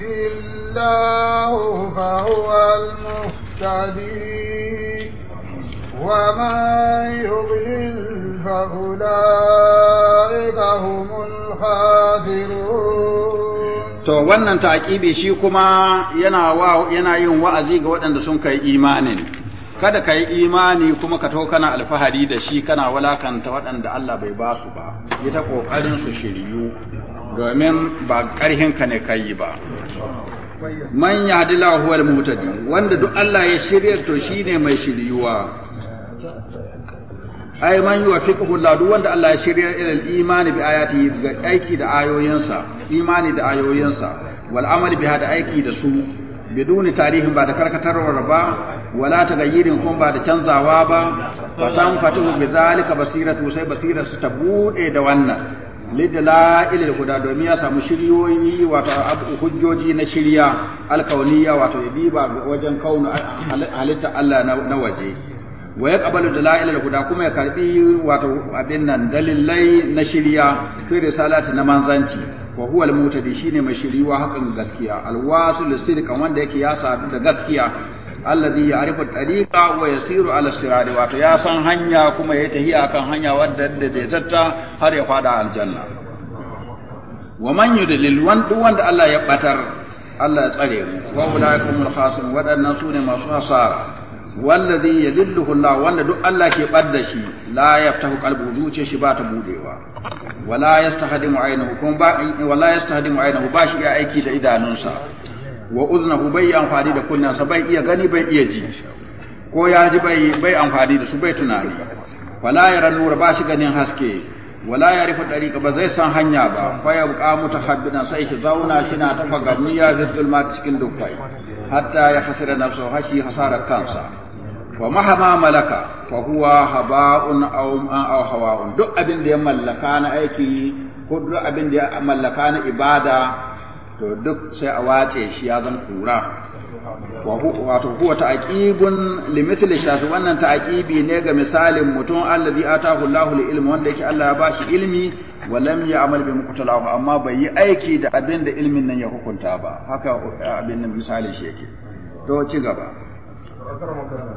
يهدي الله فهو المهتدي ومن يضلل فأولئك هم الخاسرون To wannan taƙibi shi kuma yana wa yana yin wa'azi ga waɗanda sun kai imanin kada ka imani kuma ka to kana alfahari da shi kana walakanta waɗanda Allah bai ba su ba, ita ƙoƙarin su shiryu, domin ba ƙarhin ka ne ba man yahdila huwa al wanda duk Allah ya shirya to shi ne mai shiryuwa ai man yuwaffiqahu Allah duk wanda Allah ya shirya irin imani bi yi ga aiki da ayoyinsa imani da ayoyinsa wal amali biha da aiki da su biduni tarihin ba da karkatarwar ba wala gayyirin kun ba da canzawa ba fatan fatuhu bi zalika basiratu sai basirar su ta buɗe da wannan ilil guda domin ya samu shiryoyi wato hujjoji na shirya alkauniya wato ya biba wajen kaunu halitta Allah na waje wa ya qabalu dalailil guda kuma ya karbi wato abin nan dalilai na shirya kai risalati na manzanci wa huwa almutadi shine mai shiriwa hakan gaskiya alwasil sidqan wanda yake ya sadu da gaskiya alladhi ya'rifu at-tariqa wa yasiru ala sirati wato ya san hanya kuma ya tahiya akan hanya wadda daidaitatta har ya fada aljanna wa man yudlil wanda Allah ya batar Allah ya tsare mu wa ulaikum al-khasirun wadannan sune masu hasara walladhi yadilluhu Allah wanda duk Allah ke badda shi la yaftahu qalbu zuciya shi ba ta budewa wala yastahdimu aynahu kuma ba wala yastahdimu aynahu ba shi ya aiki da idanunsa wa uznahu bai amfani da kunnansa bai iya gani bai iya ji ko ya ji bai bai amfani da su bai tunani wala yara nur ba shi ganin haske wala ya rufe dariƙa ba zai san hanya ba fa ya buƙa muta habbina sai shi zauna shi na tafa gabni ya zirtul ma cikin dukkai hatta ya hasira nafsu hashi hasarar kansa wa mahama malaka fa huwa haba'un aw aw hawa'un duk abin da ya mallaka na aiki ko duk abin da ya mallaka na ibada to duk sai a wace shi ya zan kura wato huwa ta'qibun limithli shashi wannan ta'qibi ne ga misalin mutum alladhi atahu Allahu al wanda yake Allah ya bashi ilmi wa lam ya'mal bi muqtalahu amma bai yi aiki da abin da ilmin nan ya hukunta ba haka eh, abin nan misalin shi yake to ci gaba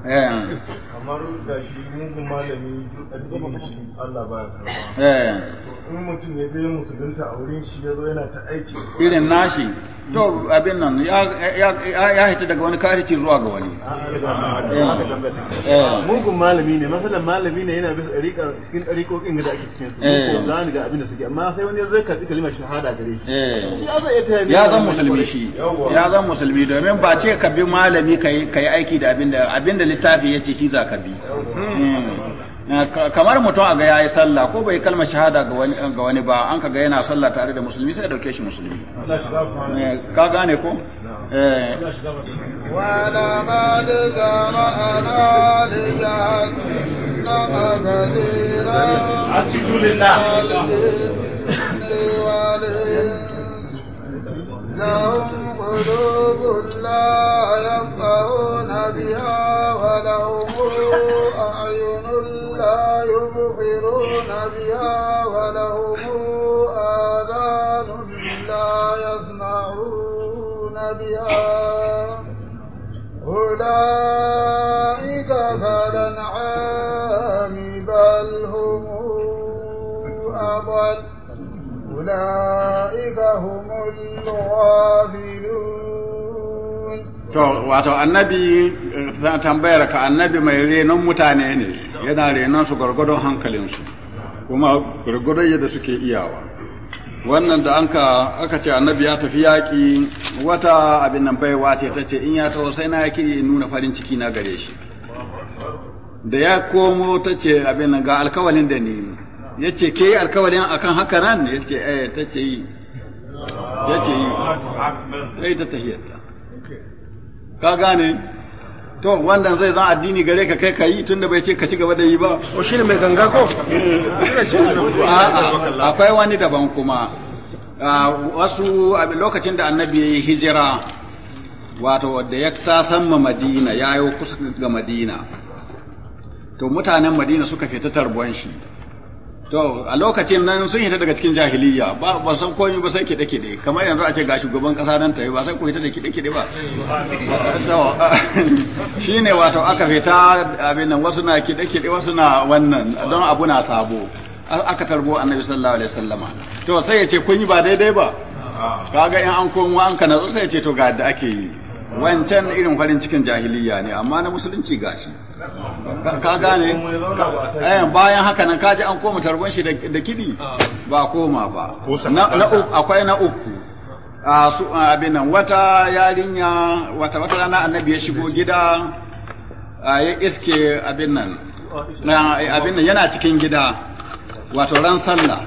eh. amma da shi mugun malami duk Allah ba ya karba eh. in mutum ya je musulunta a wurin shi ya zo yana ta aiki irin nashi to abin nan ya hita daga wani karici zuwa ga wani ah, eh. eh. mugun malami ne masalan malami ne yana bisa ɗariƙa cikin ɗariƙoƙin da ake cikin su eh. ko ga abin da suke amma sai wani zai karɓi kalimar shahada gare shi ya zan musulmi shi ya zan musulmi domin ba ce ka bi malami ka yi aiki da abin da abin da littafi ya ce shi za ka bi Eh, kamar mutum a ga yayi sallah ko bai kalmar shahada ga wani ga wani ba an kaga yana sallah tare da musulmi sai ya dauke shi musulmi eh, ka gane ko eh wa la ma da zama ana da ya na magadira asjudulillah لهم قلوب لا يفقهون بها ولهم أعين لا يبصرون بها ولهم آذان لا يسمعون بها أولئك كالأنعام بل هم أضل أولئك هم الغافلون to wato annabi eh, tambayar ka annabi mai renon mutane ne yana renon su gwargwadon hankalinsu kuma gwargwadon yadda suke iyawa wannan da anka aka ce annabi ya tafi yaƙi wata abin nan baiwa ce ta ce in ya taho sai na yaƙi in nuna farin ciki na gare shi da ya komo ta ce abin nan ga alkawalin da ni ya ce ke yi alkawalin akan haka nan ya ce eh ta ce yi ya ce yi sai ta tahiyarta ka gane to wannan zai zan addini gare ka kai kayi tunda bai ce ka ci gaba da yi ba o shine mai ganga ko akwai wani daban kuma ah, wasu lokacin da annabi ya yi hijira wato wadda ya ma madina ya yi kusa ga madina to mutanen madina suka fita tarbuwan shi To a lokacin nan sun hita daga cikin jahiliya ba ba san komai ba sai kide kide kamar yanzu a ce ga shugaban kasa nan tayi ba sai ko hita da kide kide ba shine wato aka fita abin nan wasu na kide kide wasu na wannan don abu na sabo aka tarbo annabi sallallahu alaihi wasallama to sai ya ce kun yi ba daidai ba kaga in an komo an kana sai ya ce to ga da ake yi wancan irin farin cikin jahiliya ne amma na musulunci gashi ka gane eh, bayan haka nan kaji an koma tarbon shi da kidi ba koma ba akwai na uku abin nan wata yarinya wata wata rana annabi ya shigo gida ya iske abin nan abin nan yana cikin gida wato ran sallah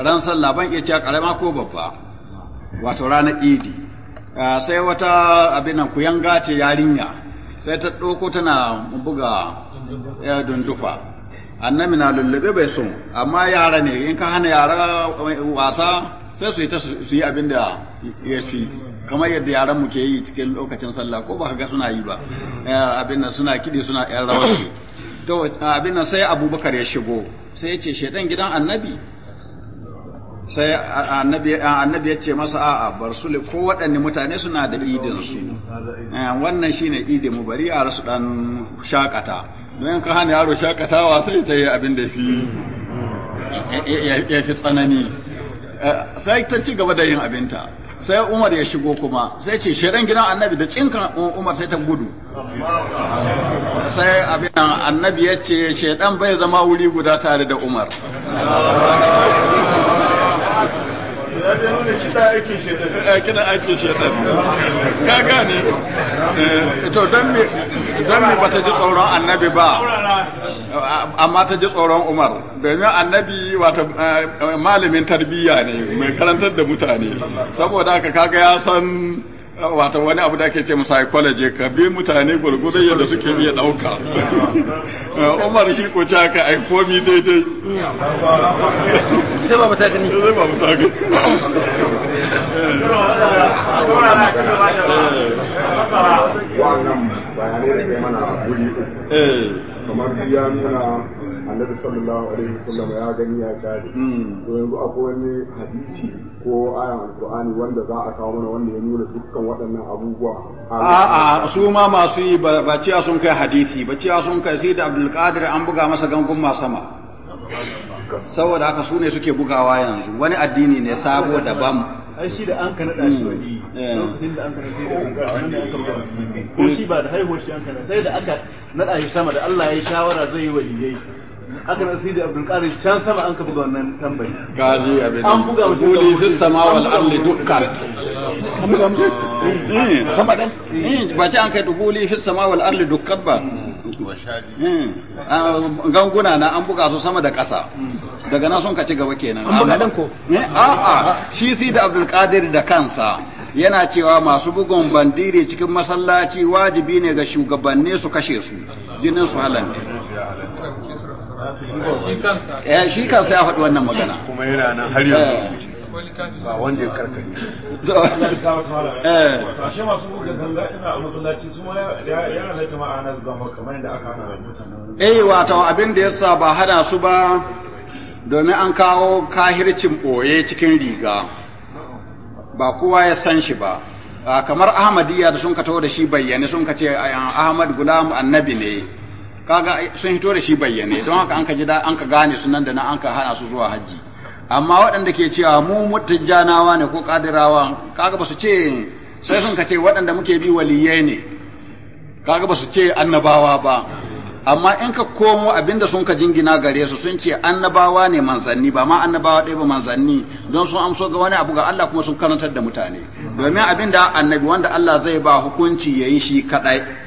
ran sallah ban iya cewa karama ko babba wato ranar idi Ah, sai wata abin nan kuyanga ce yarinya sai ta ɗauko tana buga eh, dundufa annabi na lullube bai so amma yara ne in ka hana yara eh, wasa sai su yi ta su yi abin da ya fi kamar yadda yaran mu ke yi cikin lokacin sallah ko ba ga suna yi ba eh, abin nan suna kiɗi suna yan rawa to abin nan sai abubakar ya shigo sai ya ce shaidan gidan annabi sai annabi ya ce masa a'a bar su ko waɗanne mutane suna da idin su eh, wannan shine idin mu bari yara su dan shakata don ka hana yaro shakatawa sai ta yi abin da fi ya fi tsanani eh, sai ta ci gaba da yin abinta sai Umar ya shigo kuma sai ce shaidan gidan annabi da cinkan Umar sai ta gudu sai abin annabi ya ce shaidan bai zama wuri guda tare da Umar wannan da nuna kiɗa aikin eh, aikin ka gane eh, to don me ji tsoron annabi ba amma ta ji tsoron Umar domin annabi wata eh, malamin tarbiyya ne mai karantar da mutane saboda haka kaga ya san wato wani abu da ake ce mu psychology ka bi mutane gurgudu yadda suke iya dauka eh, Umar shi ko ci ka ai komi daidai sai ba mutaka ta sai ba mutaka ta wannan bayanai da mana guri kamar ya nuna annabi sallallahu alaihi wasallam ya gani ya kare to yanzu akwai wani hadisi ko ayan alqur'ani wanda za a kawo mana wanda ya nuna dukkan waɗannan abubuwa a'a su ma masu yi ba ciya sun kai hadisi ba ciya sun kai sai da abdul qadir an buga masa gangun ma sama saboda haka su ne suke bugawa yanzu wani addini ne sabo daban ai shi da an ka da shi wani lokacin da an ka naɗa shi da an kana ko shi ba da haihuwar shi an kana sai da aka nada shi sama da Allah ya shawara zai yi waliyai aka nan sidi abdul qadir can sama an ka buga wannan tambayi gazi abin an buga mu shi fi sama wal ardi dukkan sama dan ba ce an kai duhuli fi sama wal ardi dukkan ba hmm. eh, ganguna na an buga su sama da ƙasa hmm. daga nan sun ka ci gaba kenan an buga ko a'a eh, shi sidi abdul qadir da kansa yana cewa masu bugun bandire cikin masallaci wajibi ne ga shugabanni su kashe su jinin su halal ya eh, shi kan sai ya faɗi wannan magana kuma yana nan har yanzu eh. ba wanda ya karkare to eh ashe masu buga ganga ina a masallaci su ma ya halatta ma ana zama kamar yadda aka hana mutanen eh wato abin da yasa ba hana su ba domin an kawo kahircin boye cikin riga ba kowa ya san shi ba ah, kamar ahmadiyya da sun ka taho da shi bayyane sun ka ce ahmad gulam annabi ne kaga sun hito da shi bayyane don haka an ka ji an ka gane sunan da nan an ka hana su zuwa hajji amma waɗanda ke cewa mu mutajjanawa ne ko kadirawa kaga ba su ce sai sun ka ce waɗanda muke bi waliyai ne kaga ba su ce annabawa ba amma in ka komo abinda sun ka jingina gare su sun ce annabawa ne manzanni ba ma annabawa ɗaya ba manzanni don sun amso ga wani abu ga Allah kuma sun karantar da mutane domin abinda annabi wanda Allah zai ba hukunci yayi shi kadai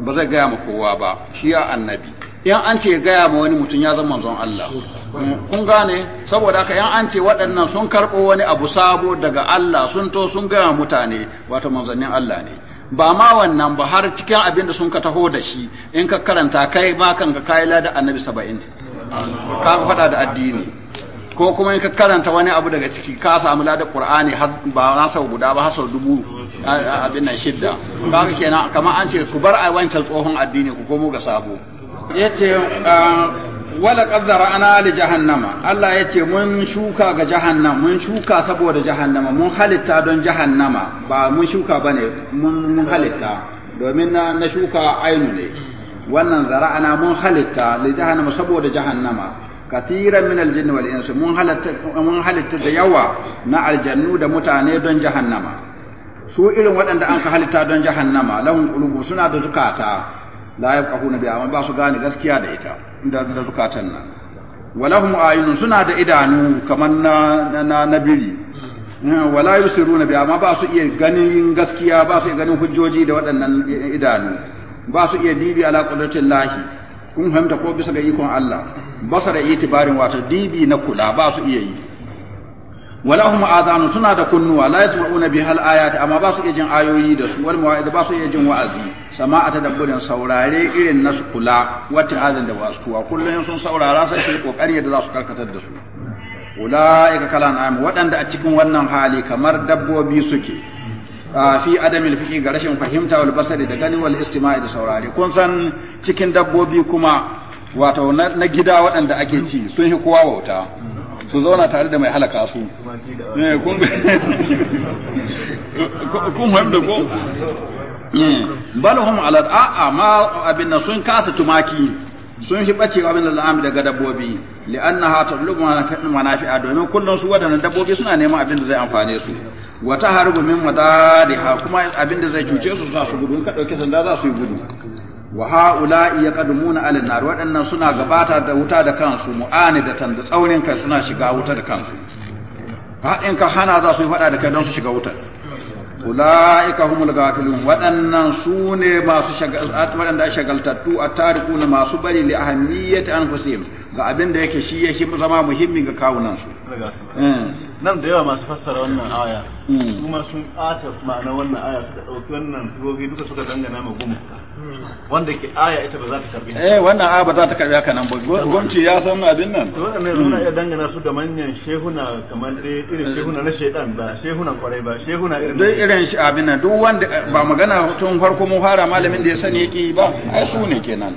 ba zai gaya ma kowa ba shi ya annabi Yan an ce gaya ma wani mutum ya zama manzon Allah kun gane saboda haka yan an ce waɗannan sun karɓo wani abu sabo daga Allah sun to sun gaya mutane wato manzannin Allah ne ba ma wannan ba har cikin abin da sun ka taho da shi in ka karanta kai ma kanka kayi da annabi saba'in ka faɗa da addini ko kuma in ka karanta wani abu daga ciki ka samu lada qur'ani ba na sau guda ba sau dubu abin nan shidda kaga kenan kamar an ce ku bar ai wancan tsohon addini ku komo ga sabo yace ah, wala qaddara ana li jahannama Allah yace mun shuka ga jahannama mun shuka saboda jahannama mun halitta don jahannama ba mun shuka bane mun halitta domin na shuka ainu ne wannan zara'ana mun halitta li jahannama saboda jahannama kathiran min aljinni wal insi mun halatta mun halitta da yawa na aljannu da mutane don jahannama su irin waɗanda an ka halitta don jahannama lahum qulubu suna da zukata la yafqahuna amma ba su gane gaskiya da ita da da zukatan nan walahum ayunun suna da idanu kamar na na nabiri hmm, wala yusiruna biha amma ba su iya ganin gaskiya ba su iya ganin hujjoji da waɗannan idanu ba su iya bibi ala qudratillahi kun fahimta ko bisa ga ikon Allah basara itibarin wato dibi na kula ba su iya yi wala hum azanu suna da kunnuwa la yasma'una bi hal ayati amma ba su iya jin ayoyi da su wal ba su iya jin wa'azi sama'a dabbun saurare irin nasu kula wata azan da wasuwa kullun sun saurara sai su kokari da za su karkatar da su ula'ika kalan am waɗanda a cikin wannan hali kamar dabbobi suke fi adamin fiqi ga rashin fahimta wal basari da gani wal istima'i da saurare kun san cikin dabbobi kuma wato na gida waɗanda ake ci sun yi kowa wauta su zauna tare da mai halaka su eh, kun da ko hmm. bal hum ala a'a ma abin sun kasa tumaki sun fi wa min al'ami daga dabbobi li'annaha tatlubu manafi'a domin kullun su wadannan dabbobi suna neman abin da zai amfane su wa taharbu min madariha kuma abin da zai cuce su za su gudu in ka dauke sanda za su yi gudu wa haula'i yaqdumuna 'ala nar wadannan suna gabata da wuta da kansu mu'ani da tsaurin kai suna shiga wuta da kansu haɗin ka hana za su yi faɗa da kai don su shiga wutar ula'ika humul gafilun waɗannan sune ne masu shagaltattu a na masu bari li ahammiyati anfusihim ga abin da yake shi ya zama muhimmi ga kawunan su eh. nan da yawa masu fassara wannan aya kuma hmm. sun ata ma'ana wannan aya suka dauki wannan sigogi duka suka dangana ma gumu hmm. wanda ke aya ita ba za ta karbi eh wannan aya ba za ta karbi haka nan ba hmm. ya san abin nan to wannan suna iya dangana su da manyan shehuna kamar dai irin shehuna na shedan ba shehuna kwarai ba shehuna irin dai irin shi abin nan duk wanda ba magana tun farko mun fara malamin da ya sani yake ba ai su ne kenan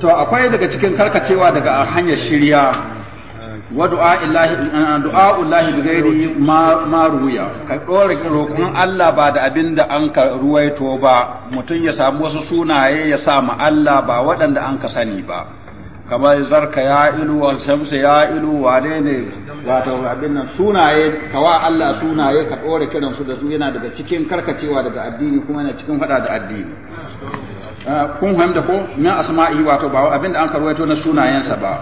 to akwai daga cikin karkacewa daga hanyar shirya wa du'a illahi eh, du'a illahi bigairi ma ma ruya ka dora roƙon Allah ba da abinda an ka ruwaito ba mutum ya samu wasu sunaye ya sa ma Allah ba waɗanda an ka sani ba kamar zarka ya ilu wa shamsu ya ilu wane ne wato abin nan sunaye kawa Allah sunaye ka dore kiran su da su yana daga cikin karkacewa daga addini kuma yana cikin fada da addini ah, kun fahimta ko min asma'i wato ba abin da an karwaito na sunayensa ba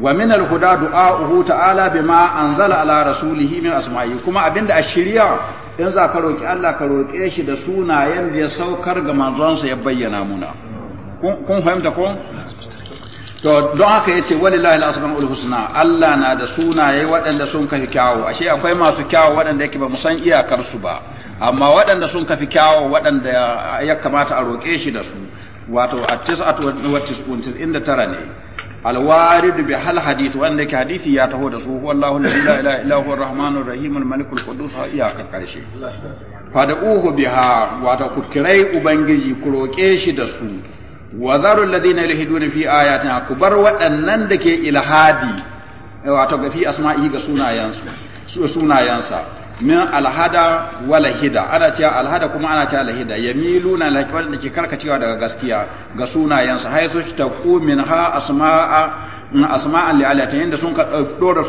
wa min alhuda du'a du'a'uhu ta'ala bima anzala ala rasulihi min asma'i kuma abin da ashiriya in za ka roki Allah ka roke shi da sunayen da ya saukar ga manzonsa ya bayyana muna kun fahimta ko to don haka yace walillahi al-asmaul husna Allah na da sunaye waɗanda sun kafi kyawu ashe akwai masu kyawu waɗanda yake ba mu san iyakar su ba amma waɗanda sun kafi kyawu waɗanda ya kamata a roƙe shi da su wato at-tis'atu wa tis'un inda tara ne al-warid bi hal hadith wanda yake hadisi ya taho da su wallahu la ilaha illa huwa ar-rahmanur rahim al-malik al-qudus iyakar karshe uhu biha wato ku kirai ubangiji ku roƙe shi da su wa zaru alladhina yulhiduna fi ayatina ku bar waɗannan da ke ilhadi wato ga fi asma'i ga sunayensu su sunayensa min alhada wala hida ana cewa alhada kuma ana cewa alhida yamiluna lakwal da ke karkacewa daga gaskiya ga sunayensa hay su taqu min ha asma'a asma'an li alatin inda sun ka dora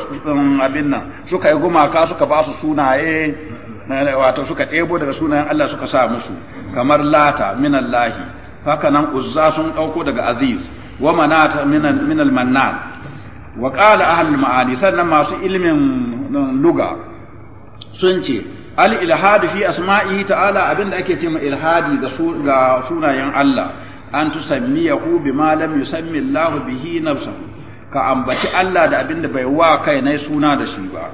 abin nan suka yi gumaka suka ba su sunaye wato suka ɗebo daga sunayen Allah suka sa musu kamar lata min allahi haka nan uzza sun ɗauko daga aziz wa manat min al mannan wa qala ahlul ma'ani sannan masu ilmin luga sun ce al ilhadu fi asma'ihi ta'ala abinda ake ce ma ilhadi ga sunayen Allah an tusammiyahu bima lam yusammi Allah bihi nafsahu ka ambaci Allah da abin da bai wa kai na suna da shi ba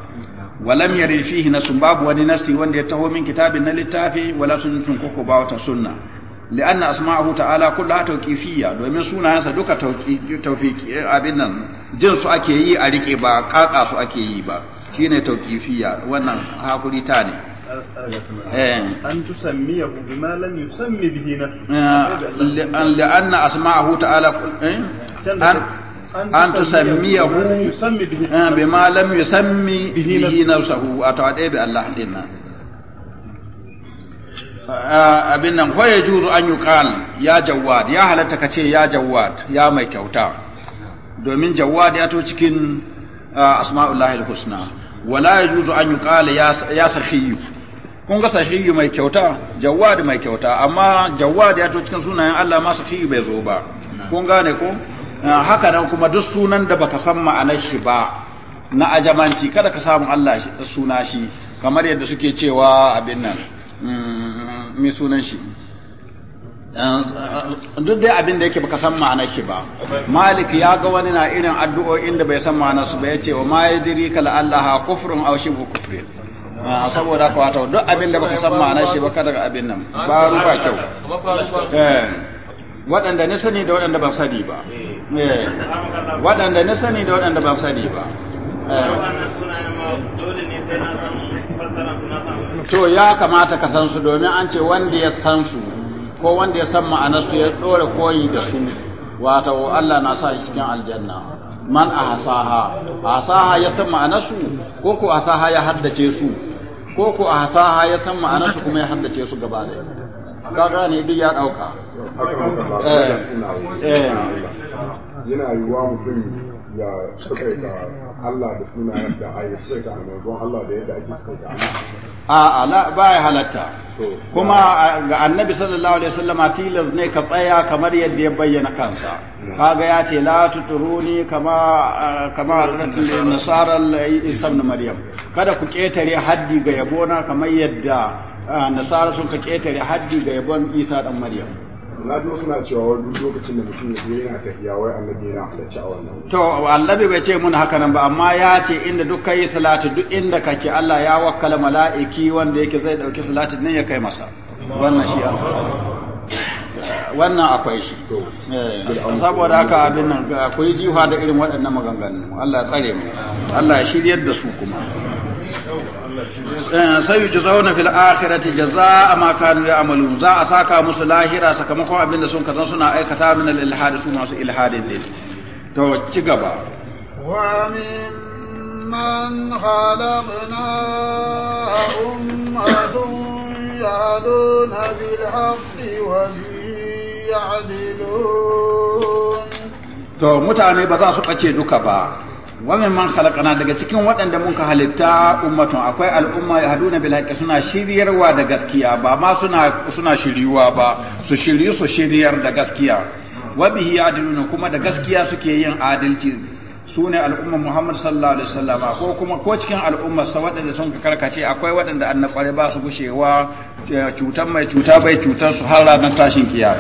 walam yarin fihi nasun babu wani nasi wanda ya taho min kitabin na littafi wala sunnatun koko ba wata sunna لأن أسماءه تعالى كلها توقيفية domin sunayensa duka tawfiki abin nan jin su ake yi a rike ba kaka su ake yi ba shine tawqifiyya wannan hakuri ta ne an tusammiyahu bima lam yusammi bihi nafsuhu li'anna asma'ahu ta'ala an tusammiyahu bima lam yusammi bihi nafsuhu a tawadai bi Allah dinnan Ah, ah, abin nan kwaye juzu an yi ya jawad ya halatta ka ce ya jawad ya mai kyauta domin jawad ya to cikin ah, asma'ullahi husna wala ya juzu an yi ya sahiyu kun ga sahiyu mai kyauta jawad mai kyauta amma jawad ya to cikin sunayen Allah ma sahiyu bai zo ba kun gane ko haka nan kuma duk sunan da baka san ma'anar shi ba na ajamanci kada ka samu Allah suna shi kamar yadda suke cewa abin nan mai sunan shi eh, duk dai abin da yake baka san ma'anar shi ba malik ya ga wani na irin addu'o'in da bai san ma'anar su ba ya ce wa ma ya yadri ka la'allaha kufrun aw shibu kufrin ah, saboda ka wato duk abin da baka san ma'anar shi ba ka daga abin nan ba ruba kyau eh, waɗanda ni sani da waɗanda ban sani ba eh, waɗanda ni sani da waɗanda ban sani ba to ya kamata ka san su domin an ce wanda ya san su ko wanda ya san ma'anarsu ya ɗora koyi da su wato Allah na sa shi cikin aljanna man ahsaha hasaha ya san ma'anarsu ko ko ahsaha ya haddace su ko ko hasaha ya san ma'anarsu kuma ya haddace su gaba da ka gane duk ya dauka eh eh yana yiwuwa mutum ya da Allah da suna da ayi sukaita manzon Allah da yadda ake sukaita a a la ba ya halatta kuma ga annabi sallallahu alaihi a tilas ne ka tsaya kamar yadda ya bayyana kansa hmm. kaga ya ce la tuturuni kama kama nasara isa ibn maryam kada ku ketare haddi ga yabona kamar yadda nasara sun ka ketare haddi ga yabon isa dan maryam na duk suna cewa wai duk lokacin da mutum ya yana tafiya wai annabi yana halarci a wannan to annabi bai ce mun haka nan ba amma ya ce inda duk kai salati duk inda kake Allah ya wakkala mala'iki wanda yake zai dauki salati nan ya kai masa wannan shi an wannan akwai shi eh, saboda haka abin nan akwai jiwa da irin waɗannan maganganu Allah ya tsare mu Allah ya shiryar da su kuma Eh, sai yujzauna fil akhirati jazaa ma kanu ya'malun za a saka musu lahira sakamakon abin da sun kazan suna aikata min al ilhad su masu ilhadin din to ci gaba wa mimman khalaqna to mutane ba za su kace duka ba wa mimman khalaqana daga cikin waɗanda mun ka halitta ummatun akwai al'umma ya haduna bil haqqi suna shiryarwa da gaskiya ba ma suna suna shiryuwa ba su shiryu su shiryar da gaskiya wa bihi yadiluna kuma da gaskiya suke yin adalci su ne al'ummar Muhammad sallallahu alaihi wasallam ko kuma ko cikin al'ummar sa waɗanda sun ka karkace akwai waɗanda an kware ba su gushewa cutar mai cuta bai cutar su har ranar tashin kiya.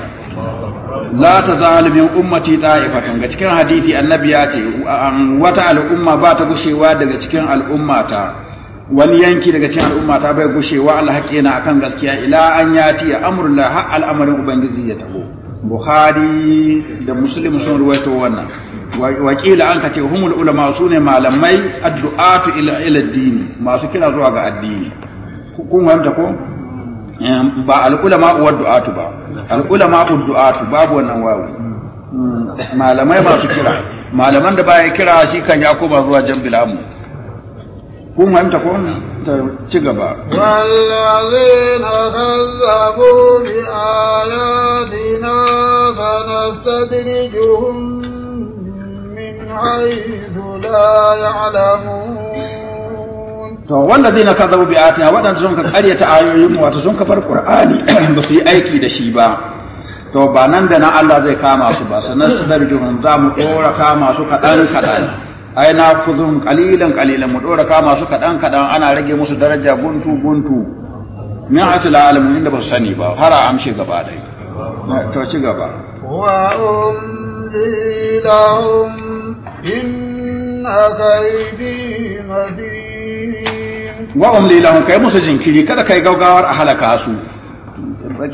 la ta zahal ta ummati ta'ifatan ga cikin hadisi annabi ya ce wata al'umma ba ta gushewa daga cikin al'ummata wani yanki daga cikin al'umma ta bai gushewa na akan gaskiya ila an yati amurla har al'amarin ubangiji ya tabo buhari da muslim sun ruwaito wannan wakila an ka ce humul ulama su ne malamai addu'atu ila dini masu kira zuwa ga addini kun fahimta ko ba al'ulama uwar du'atu ba al'ulama uwar du'atu babu wannan wawu hmm, malamai masu kira malaman da baya kira shi kan yakuba zuwa jambilamu kun fahimta ko ta ci gaba wallazina kazzabu bi sadiri juhun min haythu la alamu. to wanda wallazina zabu bi ayatina waɗanda sun ka karyata ayoyin mu wato sun ka bar qur'ani ba su yi aiki da shi ba to ba nan da nan Allah zai kama su ba sanastadrijuhum za mu ɗora kama su kaɗan kadan ai na kudun kalilan kalilan mu dora kama su kadan kadan ana rage musu daraja guntu guntu min atul alamin inda ba su sani ba har a amshe gaba dai to ci gaba wa um inna wa um kai musu jinkiri kada kai gaugawar a halaka su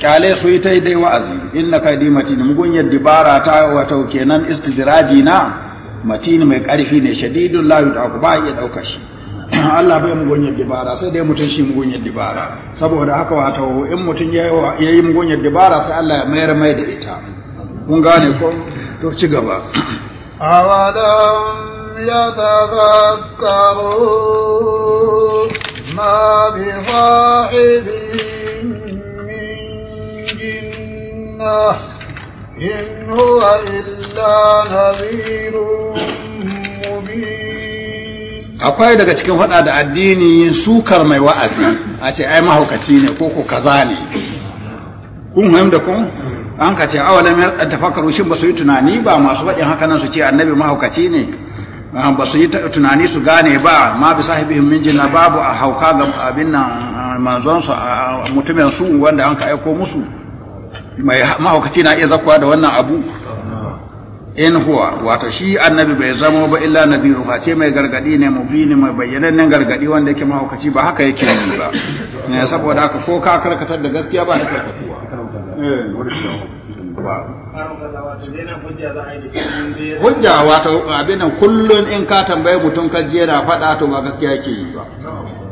kyale su yi ta dai wa'azi inna kaydi matin mugun yadda bara ta wato kenan istidrajina. na matini mai ƙarfi ne shadidun da yudaku ba ya dauka shi Allah bai mugunyar dibara sai dai mutum shi mugunyar dibara saboda haka wato in mutum ya yi mugunyar dibara sai Allah ya mayar mai da ita kun gane ko to ci gaba awalam يتفكروا ما بصاحبهم من جنه إن akwai daga cikin faɗa da addini sukar mai wa'azi a ce ai mahaukaci ne ko ko kaza ne kun fahim da kun an ka ce awalam ya tafakkaru shin ba su yi tunani ba masu faɗin haka nan su ce annabi mahaukaci ne ba su yi tunani su gane ba ma bi sahibihim min jinna babu a hauka ga abin nan manzon su mutumin su wanda an ka aiko musu mai mahaukaci na iya zakwa da wannan abu in huwa wato shi annabi bai zama ba illa nadiru ba ce mai gargadi ne mu bini mai bayyanannen gargadi wanda yake mahaukaci ba haka yake yi ba ne eh, saboda haka ko ka karkatar da gaskiya ba da karkatuwa eh, hujja wato nan, kullun in ka tambayi mutum ka jera faɗa to ba gaskiya yake yi ba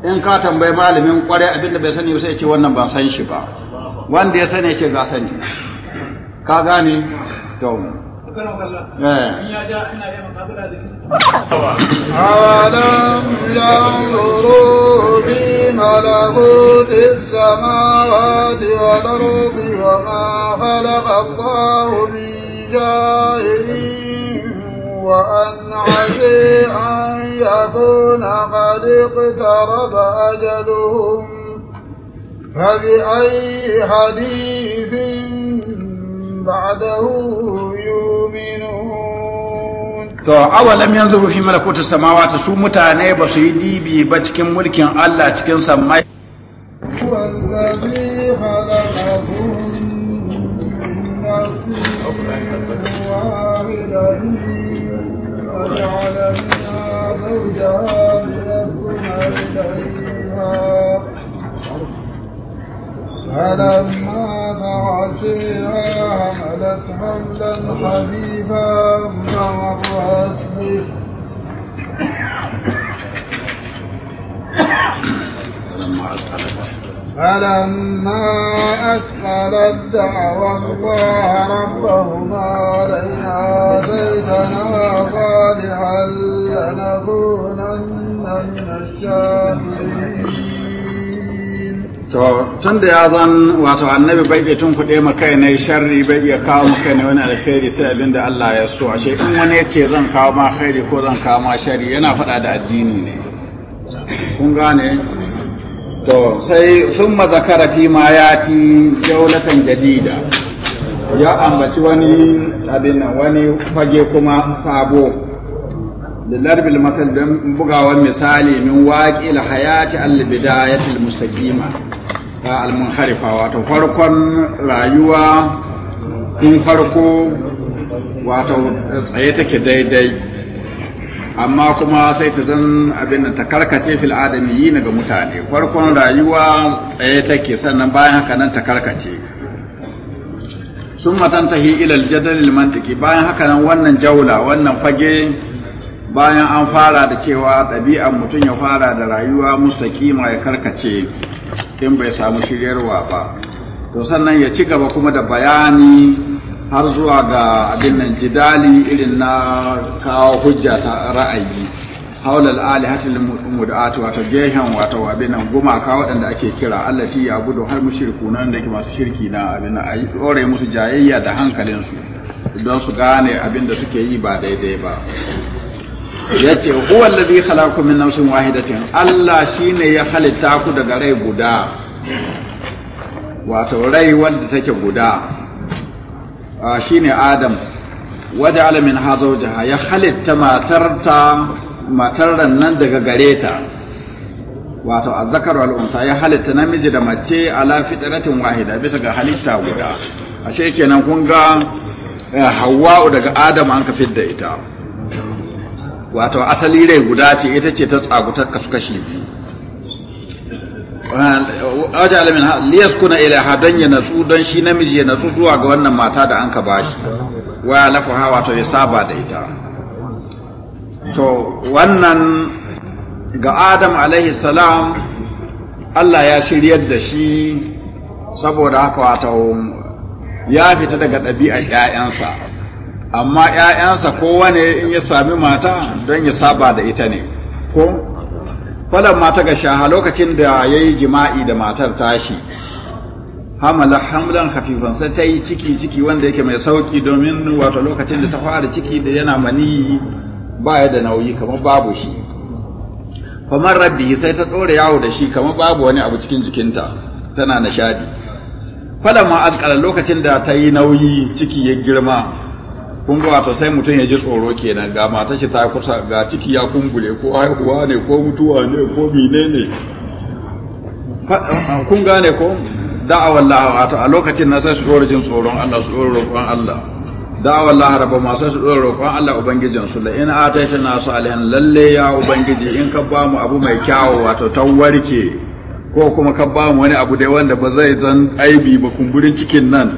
in ka tambayi malamin kware abin da bai sani ba sai ce wannan ba san shi ba wanda ya sani ya ce ga sani ka gane to أولم ينظروا في ملكوت السماوات والأرض وما خلق الله من جاهل وأن عسي أن يكون قد اقترب أجلهم فبأي حديث بعده يؤمنون to awalam yanzuru fi malakuti samawati su mutane ba su yi dibi ba cikin mulkin Allah cikin sammai wallazi khalaqakum min nafsin wahidatin وجعل منها زوجها ليسكن إليها فلما فعسيها حملت حملا خفيفا فمرت به فلما أثقلت دعوى الله ربهما لئن آتيتنا صالحا لنكونن من الشاكرين to tun da ya zan wato annabi bai tun kuɗe ma kai na sharri bai iya kawo ma kai ne wani alkhairi sai abin da Allah ya so ashe in wani ya ce zan kawo ma khairi ko zan kawo ma sharri yana faɗa da addini ne kun gane to sai sun zakara fi ma ya ti jaulatan jadida ya ambaci wani abin wani fage kuma sabo للرب المثل دم بقى ومثالي من واقع الحياة البداية المستقيمة المنحرفة farkon rayuwa in farko wato tsaye take daidai amma kuma sai ta zan abin da ta karkace fil adami yi ga mutane farkon rayuwa tsaye take sannan bayan haka nan ta karkace sun matan hi ilal jadalil mantiki bayan haka nan wannan jaula wannan fage bayan an fara da cewa ɗabi'an mutum ya fara da rayuwa mustakima ya karkace in bai samu shiryarwa ba to sannan ya ci gaba kuma da bayani har zuwa ga abin nan jidali irin na kawo hujja ta ra'ayi haulal da mud'at wato gehen wato abin nan gumaka waɗanda ake kira allati ya gudu har mushriku nan da ke masu shirki na abin nan ayi dore musu jayayya da hankalinsu don su gane abin da suke yi ba daidai ba Ya ce, huwan da zai khalaqakum min nafsin wahidatin Allah shi ne ya halitta ku daga rai guda wato rai wanda take guda ah, shine Adam alamin hazo jiha ya halitta matarta matar nan daga gareta wato a zakar al'unsa ya halitta namiji da mace ala fitratin wahida bisa ga halitta guda ashe shekenan kun ga eh, hawa'u daga adam an ka fidda ita wato asali rai guda ce ita ce ta tsagutar kasu kashi biyu waje alamin liyas kuna ilaha don ya natsu don shi namiji ya natsu zuwa ga wannan mata da an ka shi waya lafa ha wato ya saba da ita to wannan ga adam alaihi salam Allah ya shiryar da shi saboda haka wato ya fita daga ɗabi'ar ‘ya'yansa amma ‘ya'yansa kowane in ya sami mata don ya saba da ita ne ko falon mata ga shaha lokacin da ya yi jima'i da matar tashi hamala hamlan hafifan sai ta yi ciki ciki wanda yake mai sauki domin wato lokacin da ta fara ciki da yana mani baya da nauyi kamar babu shi kamar rabbi sai ta ɗora yawo da shi kamar babu wani abu cikin jikinta tana nishadi falama ƙarar lokacin da ta yi nauyi ciki ya girma kun ga wato sai mutum ya ji tsoro kenan ga matar shi ta kusa ga ciki ya kungule ko haihuwa ne ko mutuwa ne ko mine ne ah, kun gane ko da'awar Allah a lokacin na sai su ɗora jin tsoron Allah su ɗora roƙon Allah da'awar lahar rabba ma sai su ɗora roƙon Allah ubangijin su la in ataita na alihan lalle ya ubangiji in ka ba mu abu mai kyawo wato tawarke ko kuma ka ba mu wani abu dai wanda ba zai zan aibi ba kumburin cikin nan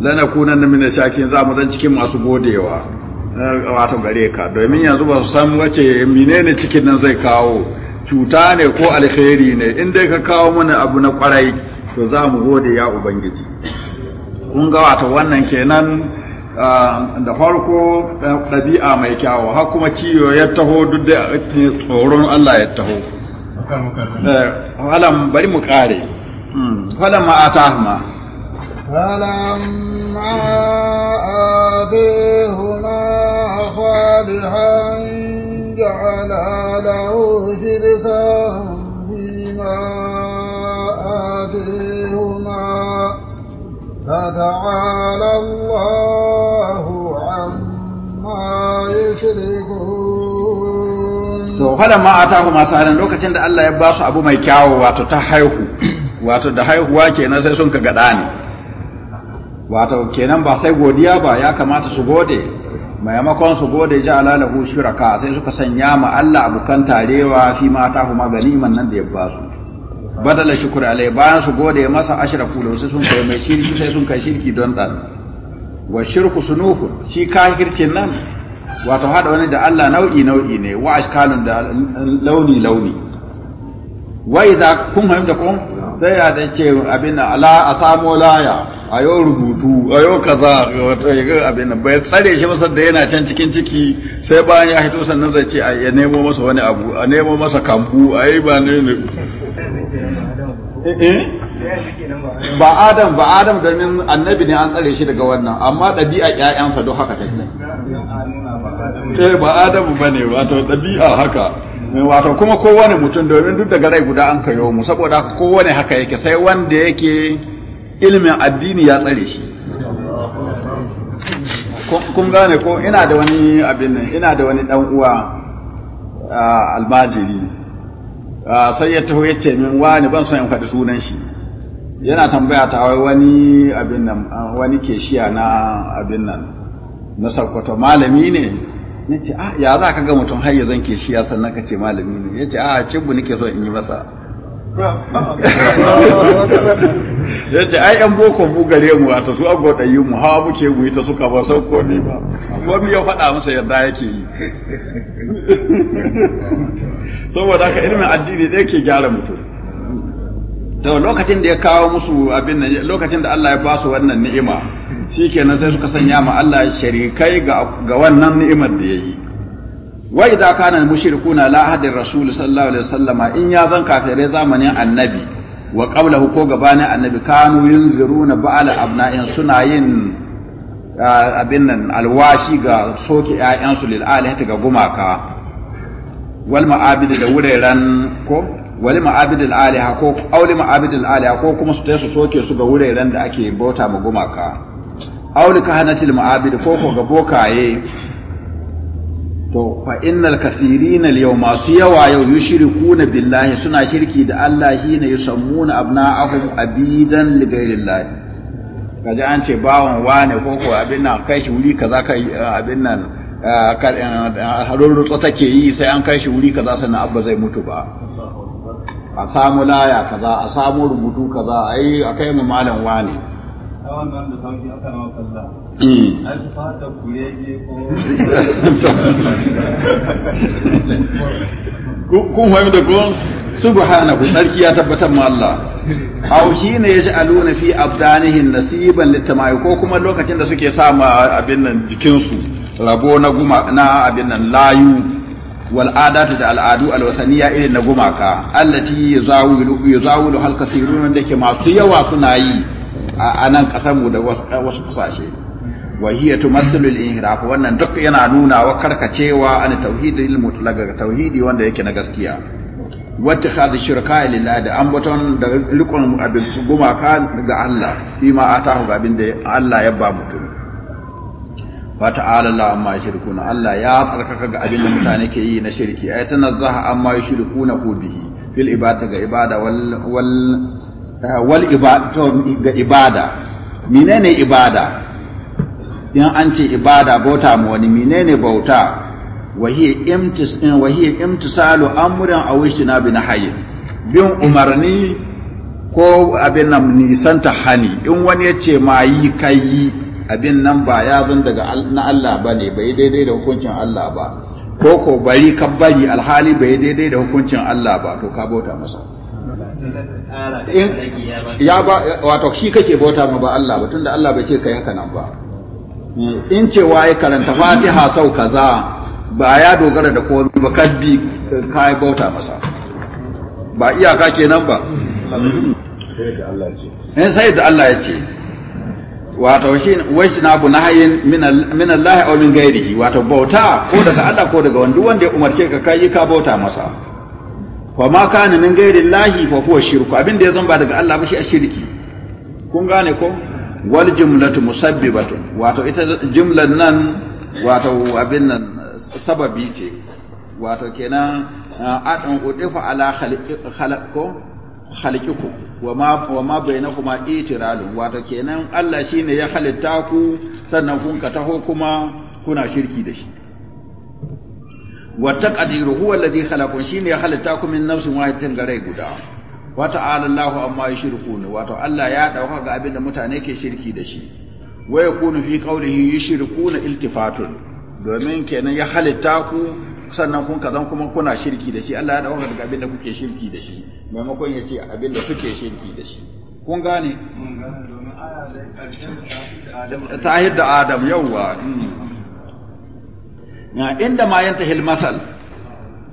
lana lanakunanna min shakin za mu zan cikin masu godewa eh, wato gare ka domin yanzu ba su san wace menene cikin nan zai kawo cuta ne ko alheri ne in dai ka kawo mana abu na kwarai to za mu gode ya ubangiji kun ga wato wannan kenan eh, da farko dabi'a eh, mai kyawo har kuma ciyo ya taho duk da tsoron Allah ya taho bari mu kare ma'ata hmm, ma فلما آتيهما صالحا جعل له شركا فيما آتيهما فتعالى الله عما يشركون to fala ma atahuma lokacin da Allah ya ba su abu mai kyawu wato ta haihu wato da haihuwa kenan sai sun ka gada ne wato kenan ba sai godiya ba ya kamata su gode maimakon su gode ji alalahu shiraka sai suka sanya ma Allah abokan tarewa fi mata kuma ganiman nan da ya ba su badala shukr alai bayan su gode masa ashrafu lahu sai sun kai mai shirki sai sun kai shirki don dan wa shirku sunuhu shi kafircin nan wato hada wani da Allah nau'i nau'i ne wa ashkalun da launi launi wa idza kun fahimta kun sai ya dan ce abin ala a samo laya a yau rubutu a yau kaza abin bai tsare shi masa da yana can cikin ciki sai bayan ya hito sannan zai ce ya nemo masa wani abu a nemo masa kampu a yi ba ne eh, eh? ba adam ba adam domin annabi ne an tsare shi daga wannan amma ɗabi'a ƴaƴansa don haka take eh, ba adam ba ne wato ɗabi'a haka wato kuma kowane mutum domin duk daga rai guda an kayo mu saboda kowane haka yake sai wanda yake ilimin addini ya tsare shi kun gane ko ina da wani abin nan ina da wani dan uwa almajiri sai ya taho ya ce min wani ban son in faɗi sunan shi yana tambaya ta wani abin nan wani keshiya na abin nan na sakkwato malami ne yace a ah, ya za ka ga mutum har ya zanke shi ya sannan ka ce malami ne yace ah cibbu nake so in yi masa yace ai yan boko mu gare mu wato su agodayin mu hawa muke mu ita suka ba ko ne ba wani ya faɗa masa yadda yake yi saboda haka ilimin addini ɗaya ke gyara mutum to lokacin da ya kawo musu abin nan lokacin da Allah ya ba su wannan ni'ima nan sai suka sanya ma Allah sharikai ga wannan ni'imar da ya yi wai da kanan mushrikuna la hadir rasul sallallahu alaihi wasallama in ya zan kafirai zamanin annabi wa qablahu ko gabanin annabi kanu yunziruna ba'al abna'in suna yin abin nan alwashi ga soke ƴaƴansu lil alihati ga gumaka wal ma'abid da wuraren ko wali ma'abidil aliha ko auli ma'abidil aliha ko kuma su tayi su soke su ga wuraren da ake bauta ma gumaka auli kahanatil mu'abid ko ko ga bokaye to fa innal kathirin al yau masu yawa yau yushrikuna billahi suna shirki da Allah ne yusammuna abna'ahum abidan li ghairillahi kaje an ce bawon wane ko ko abin nan kai shi wuri kaza kai uh, abin nan harurrutsa uh, uh, take yi sai an kai shi wuri kaza sannan abba zai mutu ba a samu laya kaza a samu rubutu kaza a yi a kai mu malam wane wannan da mm. ko kun fahimta da kun sarki ya tabbatar ma Allah aw shine yaj'aluna fi abdanihim nasiban litamai ko kuma lokacin da suke sa ma abin nan jikin su rabo na guma na abin nan layu wal adatu da al'adu al wasaniya irin na gumaka allati yazawu yazawu halka siruna da ke masu yawa suna yi a nan kasar mu da wasu kasashe wa hiya tumassilu al-inhiraf wannan duk yana nuna wa karkacewa an tauhidil mutlaq tauhidi wanda yake na gaskiya wata khadhi shirka lillahi da ambaton da rikon abin gumaka ga Allah fi ma atahu ga abin da Allah ya ba mutum wa ta'ala Allah amma yushrikuna Allah ya tsarkaka ga abin da mutane ke yi na shirki ay tanazzaha amma yushrikuna ku bihi fil ibada ga ibada wal wal Eh, wal ga ibada menene ibada in an ce ibada bauta mu wani menene bauta wahiyar imtis in eh, wahiyar imtisalu amurin a bin hayin bin umarni ko abin nan nisanta hani in wani ya ce ma yi kai abin nan ba ya zan daga na Allah bane ne bai daidai da hukuncin Allah ba ko ko bari kabbari alhali bai daidai da hukuncin Allah ba to ka bauta masa ya ba wato shi kake bauta ma ba Allah ba tunda Allah bai ce ka yanka nan ba in ce ya karanta Fatiha sau kaza ba ya dogara da komai ba kaddi ka bauta masa ba iyaka kenan ba in eh, sai da Allah ya ce wato shi abu na bu min Allah ya min ghairihi wato bauta ko daga Allah ko daga wanda wanda ya umarce ka kai ka bauta masa wa ma kana min ghairi llahi fa huwa shirku abin da ya zamba daga Allah ba shi a shirki kun gane ko wal jumlatu musabbibatu wato ita jumlan nan wato abin nan sababi ce wato kenan adan udifa ala khalqo khalikiku wa ma wa ma bainakuma itiralu wato kenan Allah shine ya halitta ku sannan kun ka taho kuma kuna shirki da shi wa taqdiru huwa alladhi khalaqakum ne ya halitta ku min nafsin wahidatin garai guda wa ta'ala Allahu amma yushrikun wato Allah ya dauka ga abin da mutane ke shirki da shi wa yakunu fi qawlihi yushrikun iltifatun domin kenan ya halitta ku sannan kun kazan kuma kuna shirki da shi Allah ya dauka daga abin da kuke shirki da shi maimakon ya ce abin da suke shirki da shi kun gane ta hidda adam yawwa inda ma yantahi al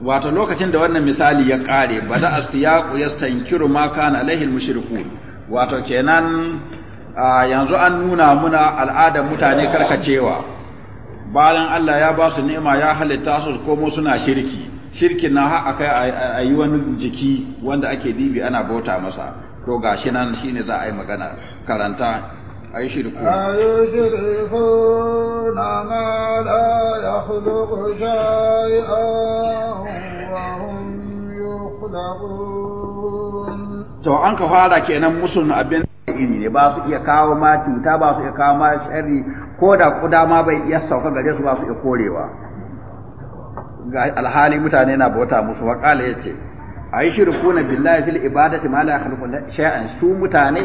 wato lokacin da wannan misali ya kare bada as-siyaqu yastankiru ma kana alaihi al-mushrikun wato kenan yanzu an nuna muna al'adar mutane karkacewa bayan Allah ya ba su nema ya halitta su komo suna shirki Shirki na har akai a yi wani jiki wanda ake dibi ana bauta masa to gashi nan shine za a yi magana karanta أيشركون أيشركون ما لا يخلق شيئا وهم يخلقون to an ka fara kenan musun abin ne ba su iya kawo ma cuta ba su iya kawo ma shari ko da kuda ma bai iya sauka gare su ba su iya korewa ga alhali mutane na bauta musu wa kala yace ayi shirku na billahi fil ibadati ma la yakhluqu shay'an su mutane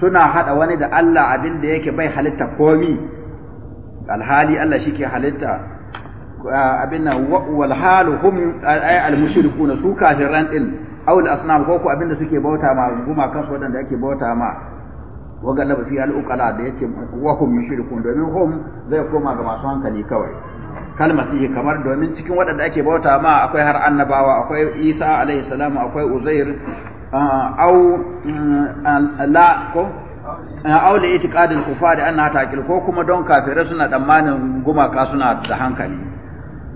suna haɗa wani da Allah abin da yake bai halitta komi alhali Allah shi ke halitta abin nan wal halu hum ay al mushrikuna su kafiran din aw al asnam ko ko abin da suke bauta ma guma kansu wadanda yake bauta ma wa galaba fi al uqala da yace wa hum mushrikun domin hum zai koma ga masu hankali kawai kalmasihi kamar domin cikin waɗanda ake bauta ma akwai har annabawa akwai isa alaihi salam akwai uzair au la ko au ana itiqadil kufari ko kuma don kafirai suna tsammanin gumaka suna da hankali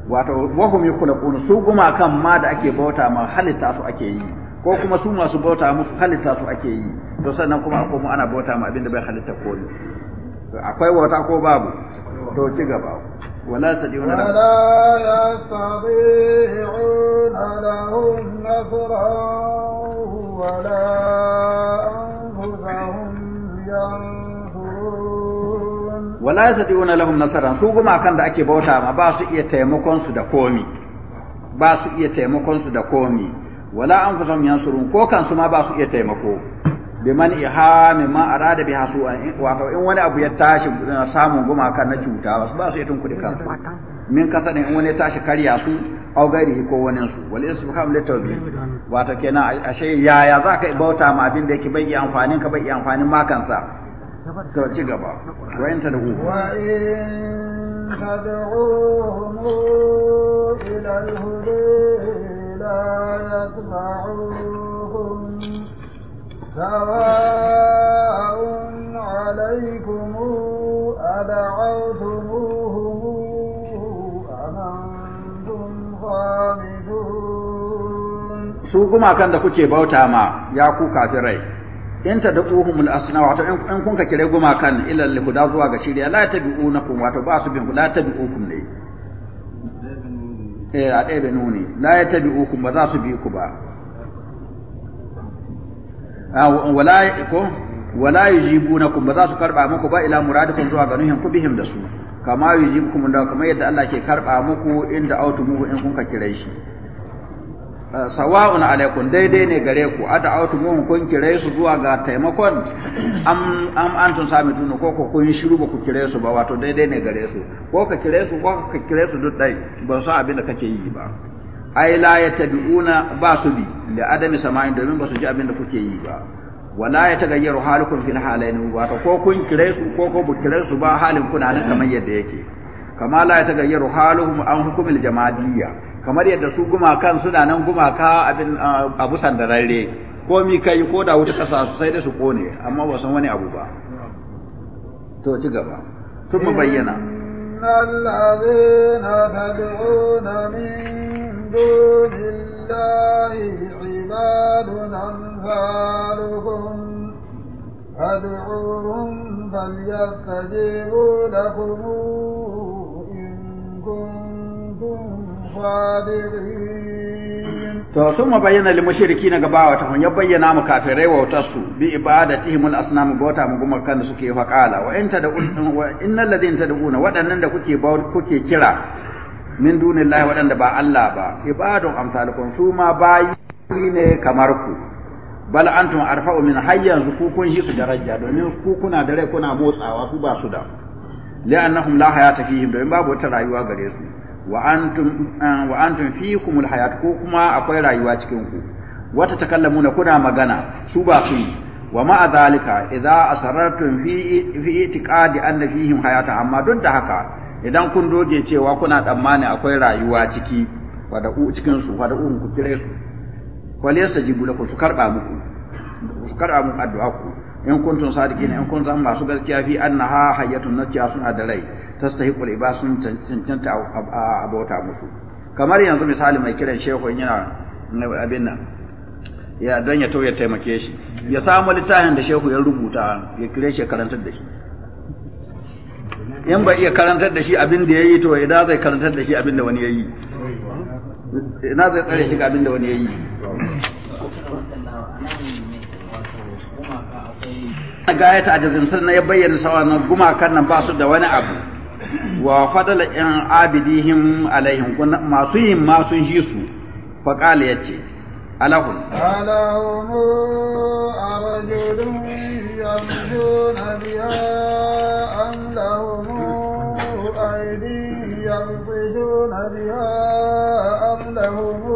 wato wahum yukhlaqun su gumakan ma da ake bauta ma halitta su ake yi ko kuma su masu bauta musu halitta su ake yi to sannan kuma akwai mu ana bauta ma abinda bai halitta ko akwai wata ko babu to ci gaba ولا يستطيعون لهم ولا يستطيعون لهم نصرا ولا أنفسهم ينصرون ولا يستطيعون لهم نصرا su gumakan da ake bauta ma ba su iya taimakon su da komi ba su iya taimakon su da komi wala ko kan ma ba su iya taimako bi man iha min ma arada biha su wato in wani abu ya tashi eh, samun gumaka na cuta ba su yi kudi kan min kasa ne in wani ya tashi karya su au gairi ko wani su wal isbaham li tawbi wato kenan ashe yaya za ka bauta ma abin da yake bai amfanin ka bai amfanin amfanin makansa to ci gaba wa in tad'u wa in tad'uhum ila al-huda la yasma'un سواء عليكم أدعوتموهم أم أنتم صامدون سوكما كان دكوكي بوتا ما ياكو كافرين in ta da tsohumul asna wa ta in kun ka kire goma kan gumakan ilal huda zuwa ga shirya la tabi'unakum ta ba su bin la tabi'ukum ne eh a ɗaya nuni la tabi'ukum ba za su bi ku ba Ah, wala ko wala kum ba za su karba muku ba ila muradikum zuwa ga nuhin kubihim da su kama yujibukum da kamar yadda Allah ke karba muku inda autumuhu in kun ka kire shi ah, sawa'un alaikum daidai ne gare ku ada autumuhu kun kire su zuwa ga taimakon am am antum samitun ko ko kun shiru ba ku kire su ba wato daidai ne gare su ko ka kire su ko ka kire su duk dai ban su abin da kake yi ba ai la yatabi'una ba su bi da adami sama'i domin ba su ji abin da kuke yi ba wala ya tagayyaru halukum fil halayn wato ko kun kire su ko ko bu kire su ba halin kuna nan kamar yadda yake kama la ya tagayyaru haluhum an hukumil jamadiyya kamar yadda su gumakan suna nan gumaka abin abu sandararre ko mi kai ko da wuta kasa sai da su kone amma ba san wani abu ba to ci gaba sun bayyana الذين تدعون من دون الله عباد أمثالكم فادعوهم فليستجيبوا لكم إن كنتم صادقين to sun ma bayyana na gaba gabawa ta ya bayyana mu kafirai wa su bi ibadatihim al asnam bauta mu gumar kan da suke fa wa anta da wa innal ladina tad'una wadannan da kuke kuke kira min dunillahi wadanda ba Allah ba ibadun amsalukum su ma bayi ne kamar ku bal antum arfa'u min hayyan zukukun kun su daraja domin ku kuna da rai kuna motsawa su ba su da li'annahum la hayata fihim domin babu wata rayuwa gare su wa antum eh, fikum hayat ko kuma akwai rayuwa cikin ku wata takallamuna kuna magana su ba su yi wa ma'azalika zalika idza asarartum fi fi itiqadi anna fihim hayata amma duk da haka idan kun doge cewa kuna tsammani akwai rayuwa ciki wada u cikin su wada ku kire su jibu lakum su karba muku su karba muku addu'a ku in kuntum ne in kuntum masu gaskiya fi annaha hayyatun nasiya suna da rai tastahiqul ibad sun cancanta abota musu kamar yanzu misali mai kiran shehu yana abin nan ya dan ya tauye taimake shi ya samu littafin da shehu ya rubuta ya kire shi ya karantar da shi in ba iya karantar da shi abin da ya yi to idan zai karantar da shi abin da wani ya yi ina zai tsare shi ga abin da wani ya yi gaya ta ajazim na ya bayyana sawa gumakan nan ba su da wani abu wa fadala in abidihim alaihim masu yin ma sun shi su fa qala yace alahum alahum arjulun yamduna biha am lahum aydin yanqiduna biha am lahum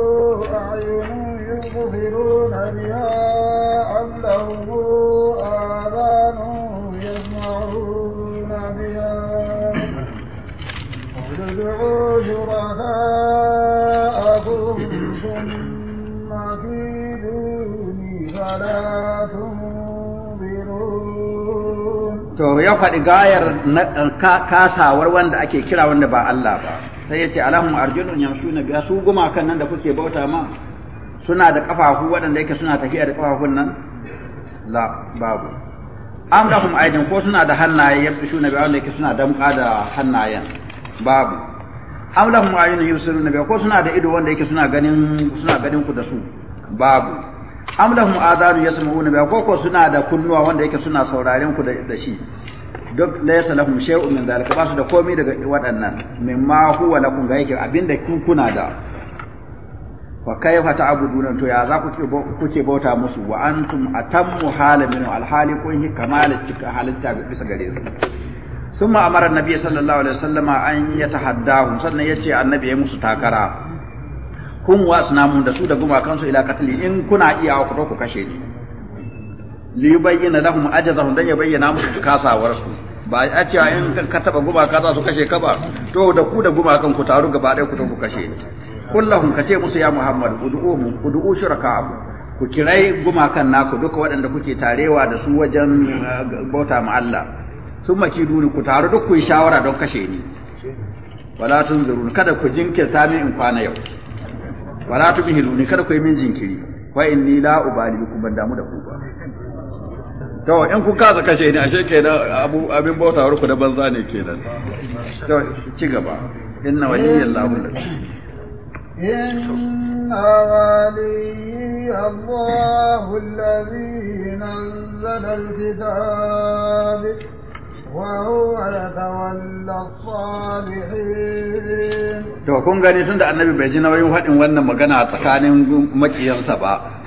ayunun يستكبرون رياء لهم آذان يسمعون بها قل ادعوا شركاءكم ثم كيدوني فلا to ya faɗi gayar kasawar wanda ake kira wanda ba Allah ba sai ya ce alahum arjunun yamshuna biya su gumakan nan da kuke bauta ma suna da kafafu waɗanda yake suna tafiya da kafafun nan la babu am lahum aidin ko suna da hannaye shi na biyar yake suna damƙa da hannayen babu am lahum ayun yusiruna bi ko suna da ido wanda yake suna ganin suna ganin ku da su babu am lahum adanu yasma'una bi ko ko suna da kunnuwa wanda yake suna sauraren ku da shi duk laysa lahum shay'un min zalika ba su da komai daga waɗannan mimma huwa lakum ga yake abinda kun kuna da fa kayfa ta'buduna to ya za ku kuke bauta musu wa antum atammu halan min alhali kun kamala cika halitta bisa gare su ثم amara النبي sallallahu alaihi wasallama an ان sannan yace annabi ya musu takara kun mun da su da kansu ila katli in kuna iya ku ku kashe ni li yubayyana lahum ajazahum dan ya bayyana musu kasawar su ba a in ka taba gumaka za su kashe ka ba to da ku da gumakan ku taru gaba ɗaya ku to ku kashe ni ka ce musu ya muhammad ud'uhum ud'u ku kirai gumakan naku duka waɗanda kuke tarewa da su wajen eh, bauta ma Allah sun maki duni ku taru duk ku yi shawara don kashe ni wala tun tunzirun kada ku jinkirta min in kwana yau wala duni kada ku yi min jinkiri wa inni la ubali ku ban damu da ku ba to in kun kasa kashe ni ashe kenan abin bautawar ku da banza ne kenan to ci gaba inna waliyallahu إن ولي tawalla to kun gani tunda annabi bai ji nauyin faɗin wannan magana tsakanin makiyansa ba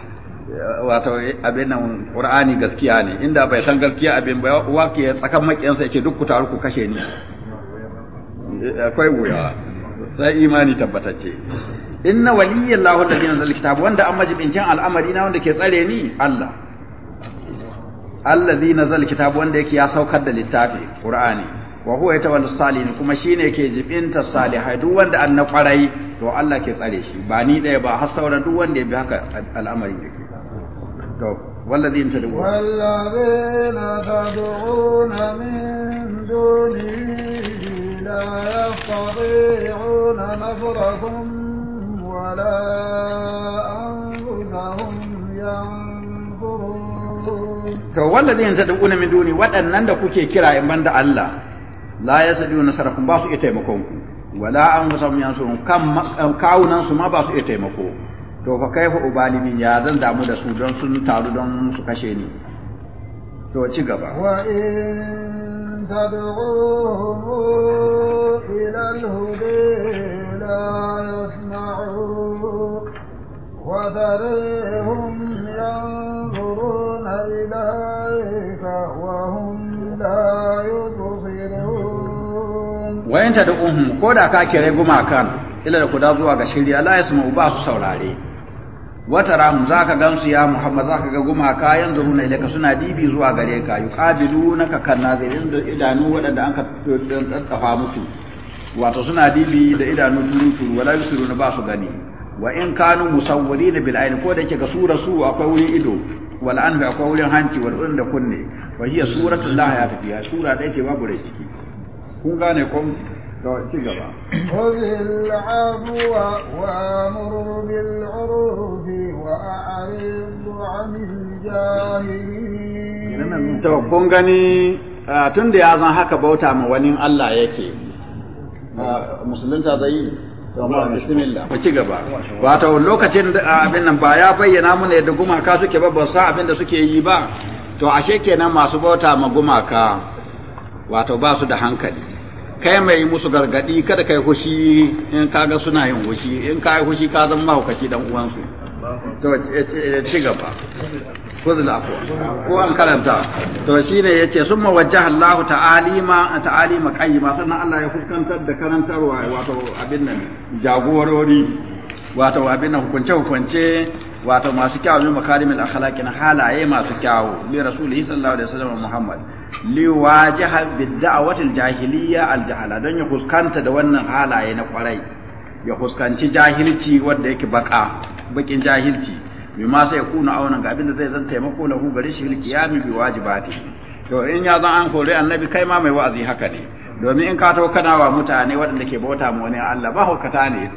wato abin nan qur'ani gaskiya ne inda bai san gaskiya abin ba waki ya tsakan makiyansa yace duk ku taru ku kashe ni akwai wuya sai imani tabbatacce inna waliyallahu alladhi nazzala kitabu wanda an majibincin al'amari na wanda ke tsare ni Allah alladhi nazzala kitabu wanda yake ya saukar da littafi qur'ani wa huwa yatawalla salihin kuma shine yake jibinta salihai duk wanda an na kwarai to Allah ke tsare shi ba ni ɗaya ba har sauran duk wanda ya bi haka al'amarin yake to والذين تدعون yanzu تدعون من دونه لا يستطيعون نفركم ولا أنفسهم ينصرون to waɗannan da kuke kira in banda Allah la ya yasdiuna kun ba su iya taimakon ku wala anfusahum yansurun kan kawunan su ma ba su iya taimako to fa kai fa ubalibi ya zan damu da su don sun taru don su kashe ni to ci gaba wa in tad'uhum ila al huda la yasma'u wa darihum yanzuruna ilayka wa hum la yubsirun wa in tad'uhum ko da ka kire gumakan ila da kuda zuwa ga shirya la yasma'u ba su saurare wata ramu za ka gan su ya muhammad za ka ga gumaka yanzu runa ilaka suna dibi zuwa gare ka yi ƙabilu na kakan nazirin da idanu waɗanda an ka tsafa musu wato suna dibi da idanu turuturu wala yusiru na ba su gani wa in kanu musawwali da bil aini ko da yake ga sura su akwai wurin ido wal anfi akwai wurin hanci wal da kunne wa hiya suratul lahi ya tafiya sura ɗaya ce babu rai ciki kun gane kun خذ العفو وامر بالعروف واعرض عن الجاهلين kun gani tun da ya zan haka bauta ma wani Allah yake musulunta zai yi bismillah ku ci gaba wato lokacin abin nan ba ya bayyana mu ne yadda gumaka suke ba ba sa abin da suke yi ba to ashe kenan masu bauta ma gumaka wato ba su da hankali kai mai musu gargadi kada kai hushi in kaga suna yin hushi in kai hushi ka zama mahaukaci dan uwansu to ci gaba ko afwa ko an karanta to shine yace summa wajjaha Allahu ta'alima ta'alima qayyima sannan Allah ya fuskantar da karantarwa wato abin nan jagorori wato abin nan hukunce hukunce wato masu kyawu min makarimil akhlaqi na halaye masu kyawu li rasulullahi sallallahu alaihi wasallam muhammad li wajaha bid da'wati al jahiliya al jahala don ya fuskanta da wannan halaye na kwarai ya fuskanci jahilci wanda yake baka bakin jahilci ma sai kuna auna ga abin da zai zan taimako lahu gare shi fil qiyam bi wajibati to in ya zan an kore annabi kai ma mai wa'azi haka ne domin in ka to kana wa mutane waɗanda ke bauta mu wani Allah ba hukata ne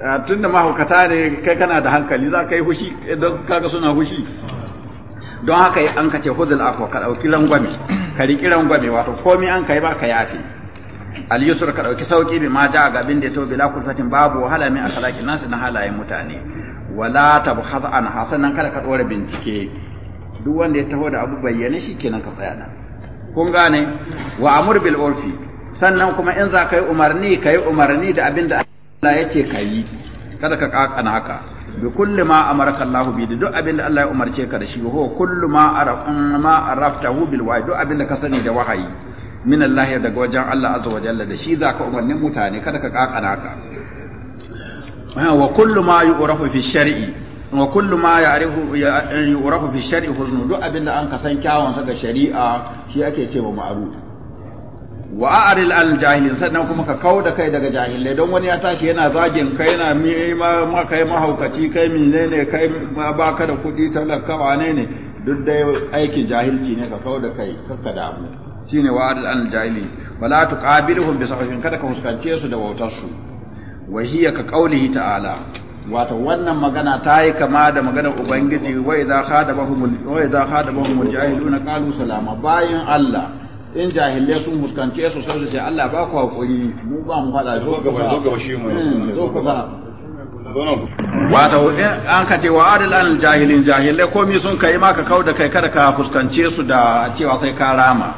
Eh, tun da mahaukata ne kai kana da hankali za ka yi hushi eh, don kaga suna hushi don haka an ka ce hudul afwa ka dauki rangwame ka riki rangwame wato komai an kai ba ka yafi al yusr ka dauki sauki bi ma ja ga bin da to bila kulfatin babu wahala min akhlaqin nasu na halayen mutane wala tabhaz an hasanan kada ka dora bincike duk wanda ya taho da abu bayyane shi kenan ka tsaya nan kun gane wa amur bil urfi sannan kuma in za ka yi umarni ka yi umarni da abin da Allah ya ce ka yi kada ka kakana haka bi kulli ma amaraka Allah bi duk abin da Allah ya umarce ka da shi ho kullu ma arafun ma araftahu bil wahyi duk abin da ka sani da wahayi min Allah daga wajen Allah azza wa jalla da shi zaka umarnin mutane kada ka kakana haka wa kullu ma yu'rafu fi shar'i wa kullu ma ya'rifu yu'rafu fi shar'i huznu duk abin da an kasan kyawun sa ga shari'a shi ake cewa ma'ruf wa a'ril al jahilin sannan kuma ka kauda da kai daga jahilai don wani ya tashi yana zagin kai na ma kai mahaukaci kai menene kai ba ka da kuɗi talaka wane ne duk dai aikin jahilci ne ka kau da kai kakka abu shine wa a'ril al jahilin wala tuqabiluhum bi sahfin kada ka fuskance su da wautar su wa hiya ka qaulihi ta'ala wato wannan magana ta yi kama da maganar ubangiji wa idza khadabahum wa idza khadabahum al jahiluna qalu salama bayin Allah in jahilai sun huskance su sai su ce Allah ba ku hakuri mu ba mu faɗa zo ba zo gaba shi mu hmm, zo kusa wato an ka ce wa adil an jahilin jahilai komi sun kai ma ka kau da kai kada ka fuskance su da cewa sai ka rama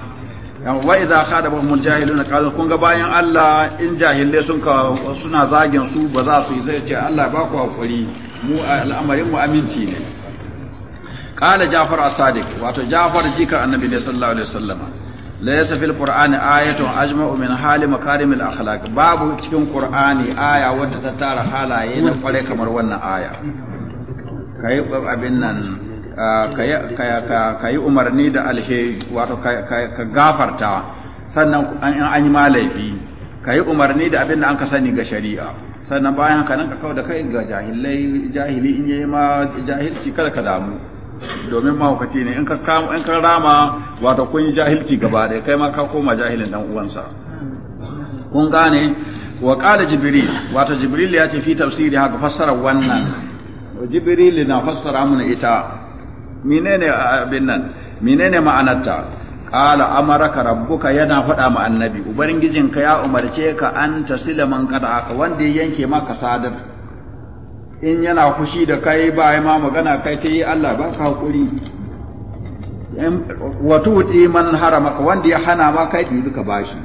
wa idza khadabahum aljahiluna qalu kun ga bayan Allah in jahilai sun ka suna zagin su ba za su yi sai ce Allah ba ku hakuri mu al'amarin mu aminci ne qala jafar as-sadiq wato jafar jika annabi sallallahu alaihi wasallam laysa fil qur'ani ayatun ajma'u min hali makarim al akhlaq babu cikin qur'ani aya wadda ta tara halaye na kware kamar wannan aya kai abin nan kai umarni da alheri wato ka gafarta sannan an yi ma laifi kai umarni da abin da an ka sani ga shari'a sannan bayan ka nan ka kawo da kai ga jahilai jahili in yayi ma jahilci kada ka damu domin mahaukaci ne in ka rama wato kun yi jahilci gaba da kai ma ka koma jahilin dan uwansa kun gane wa qala jibril wato jibril ya ce fi tafsiri haka fassara wannan jibril na fassara mana ita menene abin nan menene ma'anarta qala amaraka rabbuka yana faɗa ma annabi ubangijinka ya umarce ka an tasila man aka wanda ya yanke maka sadar in yana fushi da kai ba ya ma magana kai ce yi eh, Allah ba ka haƙuri wato wuti man haramaka wanda ya hana ma kai ɗi duka bashi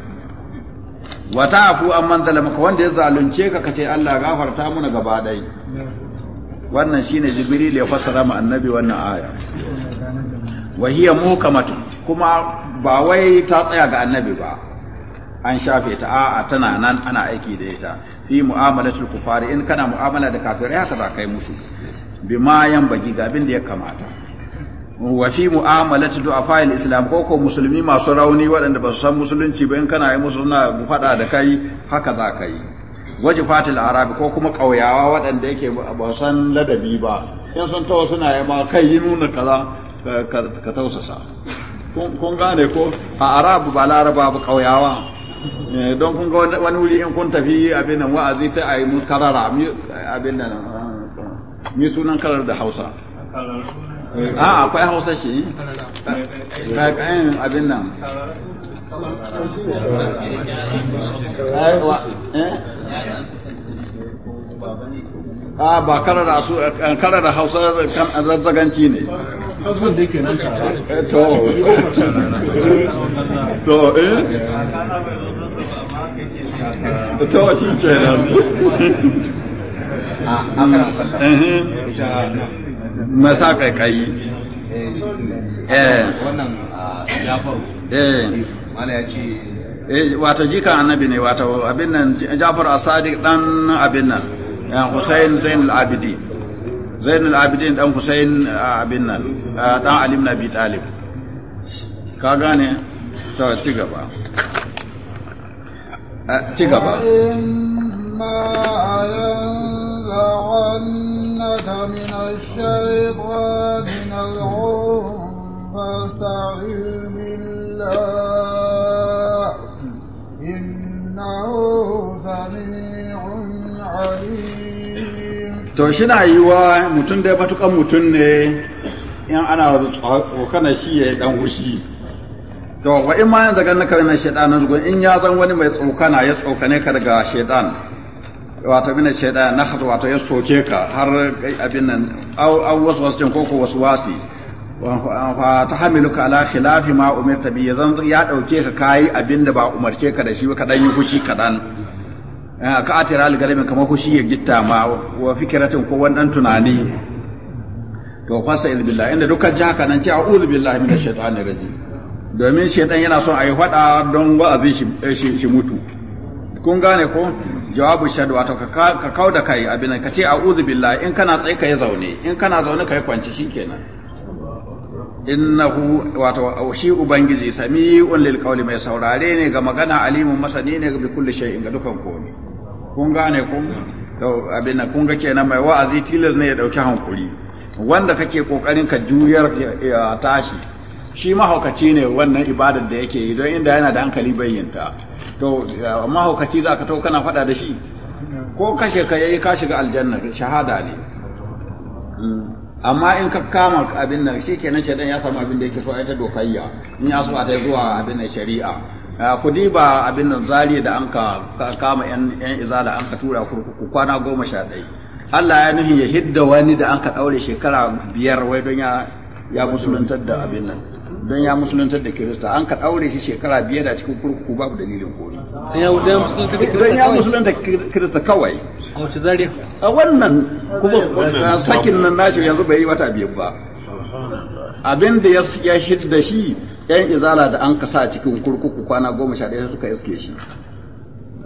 wata afu an man maka wanda ya zalunce ka kace Allah gafarta muna gaba ɗai wannan shine jibril ya fassara ma annabi wannan aya wa hiya mukamatu kuma ba wai ta tsaya ga annabi ba an shafe ta a'a tana nan ana aiki da ita fi mu'amalatul kufari in kana mu'amala da kafirai haka za ka yi musu bi yan bagi ga abin da ya kamata wa fi mu'amalati du'afa'il islam ko ko musulmi masu rauni waɗanda ba su san musulunci ba in kana yi musu suna faɗa da kai haka za ka yi waje fatil arabi ko kuma ƙauyawa waɗanda yake ba san ladabi ba in sun tawo suna yi ma kai yi nuna kaza ka tausasa kun gane ko a arabu ba laraba ba ƙauyawa Eh, don kun ga wani wuri in kun tafi abin nan wa'azi sai a yi mun karara abin nan ah, mi sunan karar da hausa a ah, akwai hausa shi eh, abin nan eh, eh? a ba karar su eh, karar hausa zazzaganci ne eh, to to eh to shi kenan ah, masa eh, eh wannan ah, eh mala ya ce wata jika annabi ne wata abin nan jafar asadi dan abin nan Eh, Hussein Zainul Abidin Zainul abidi dan Hussein eh, abin nan eh, dan Ali ibn Abi Talib ka gane to ci gaba ci gaba ينزغنك to shi na yi wa mutum dai matukan mutum ne in ana tsokana shi ya yi dan hushi to wa in ma yanzu ganin kawai na shaidanin zugun in ya zan wani mai tsokana ya tsokane ka daga shaidan wato mina shaidan na hatu wato ya soke ka har abin nan an wasu wasu cin koko wasu wasi fa ta hamilu ka ala khilafi ma umirta bi ya dauke ka kayi abin da ba umarce ka da shi ka dan yi hushi kadan Eh, ka atira algalimi kamar shi ya gitta ma wa fikiratin ko wannan tunani to fasa iz billah inda duka ji haka nan ce a'udhu billahi minash shaitani rajim domin shaitan yana son ayi fada don wa'azi eh, shi shi mutu kun gane ko jawabu shadwa to ka kauda kai abin ka ce a'udhu billahi in kana tsaye kai zaune in kana zaune kai kwanci shikenan innahu wato shi ubangiji sami'un lil qawli mai saurare ne ga magana alimun masani ne ga kulli shay'in ga dukan komai kun gane ku abin nan kun ga kenan mai wa'azi tilas ne ya dauki hankuri wanda kake kokarin ka juyar ya tashi shi mahaukaci ne wannan ibadar da yake yi don inda yana da hankali bayyanta to mahaukaci za ka to kana faɗa da shi ko kashe ka yayi ka shiga aljanna shahada ne amma in ka kama abin nan shi kenan shedan ya samu abin da yake so ai ta dokayya in ya so ta zuwa abin shari'a Ah, ku diba abin nan zariya da an ka kama yan izala an ka tura kurkuku kwana goma sha ɗaya Allah ya nuhi ya hidda wani da an ka ɗaure shekara biyar wai don ya ya musuluntar da abin nan don ya musuluntar da kirista an ka ɗaure shi shekara biyar da cikin kurkuku babu dalilin koli don ya musuluntar da kirista kawai a wannan kuma sakin nan nashi yanzu bai yi wata biyu ba abin da ya hidda shi yan izala da an kasa cikin kurkuku kwana goma sha ɗaya suka iske shi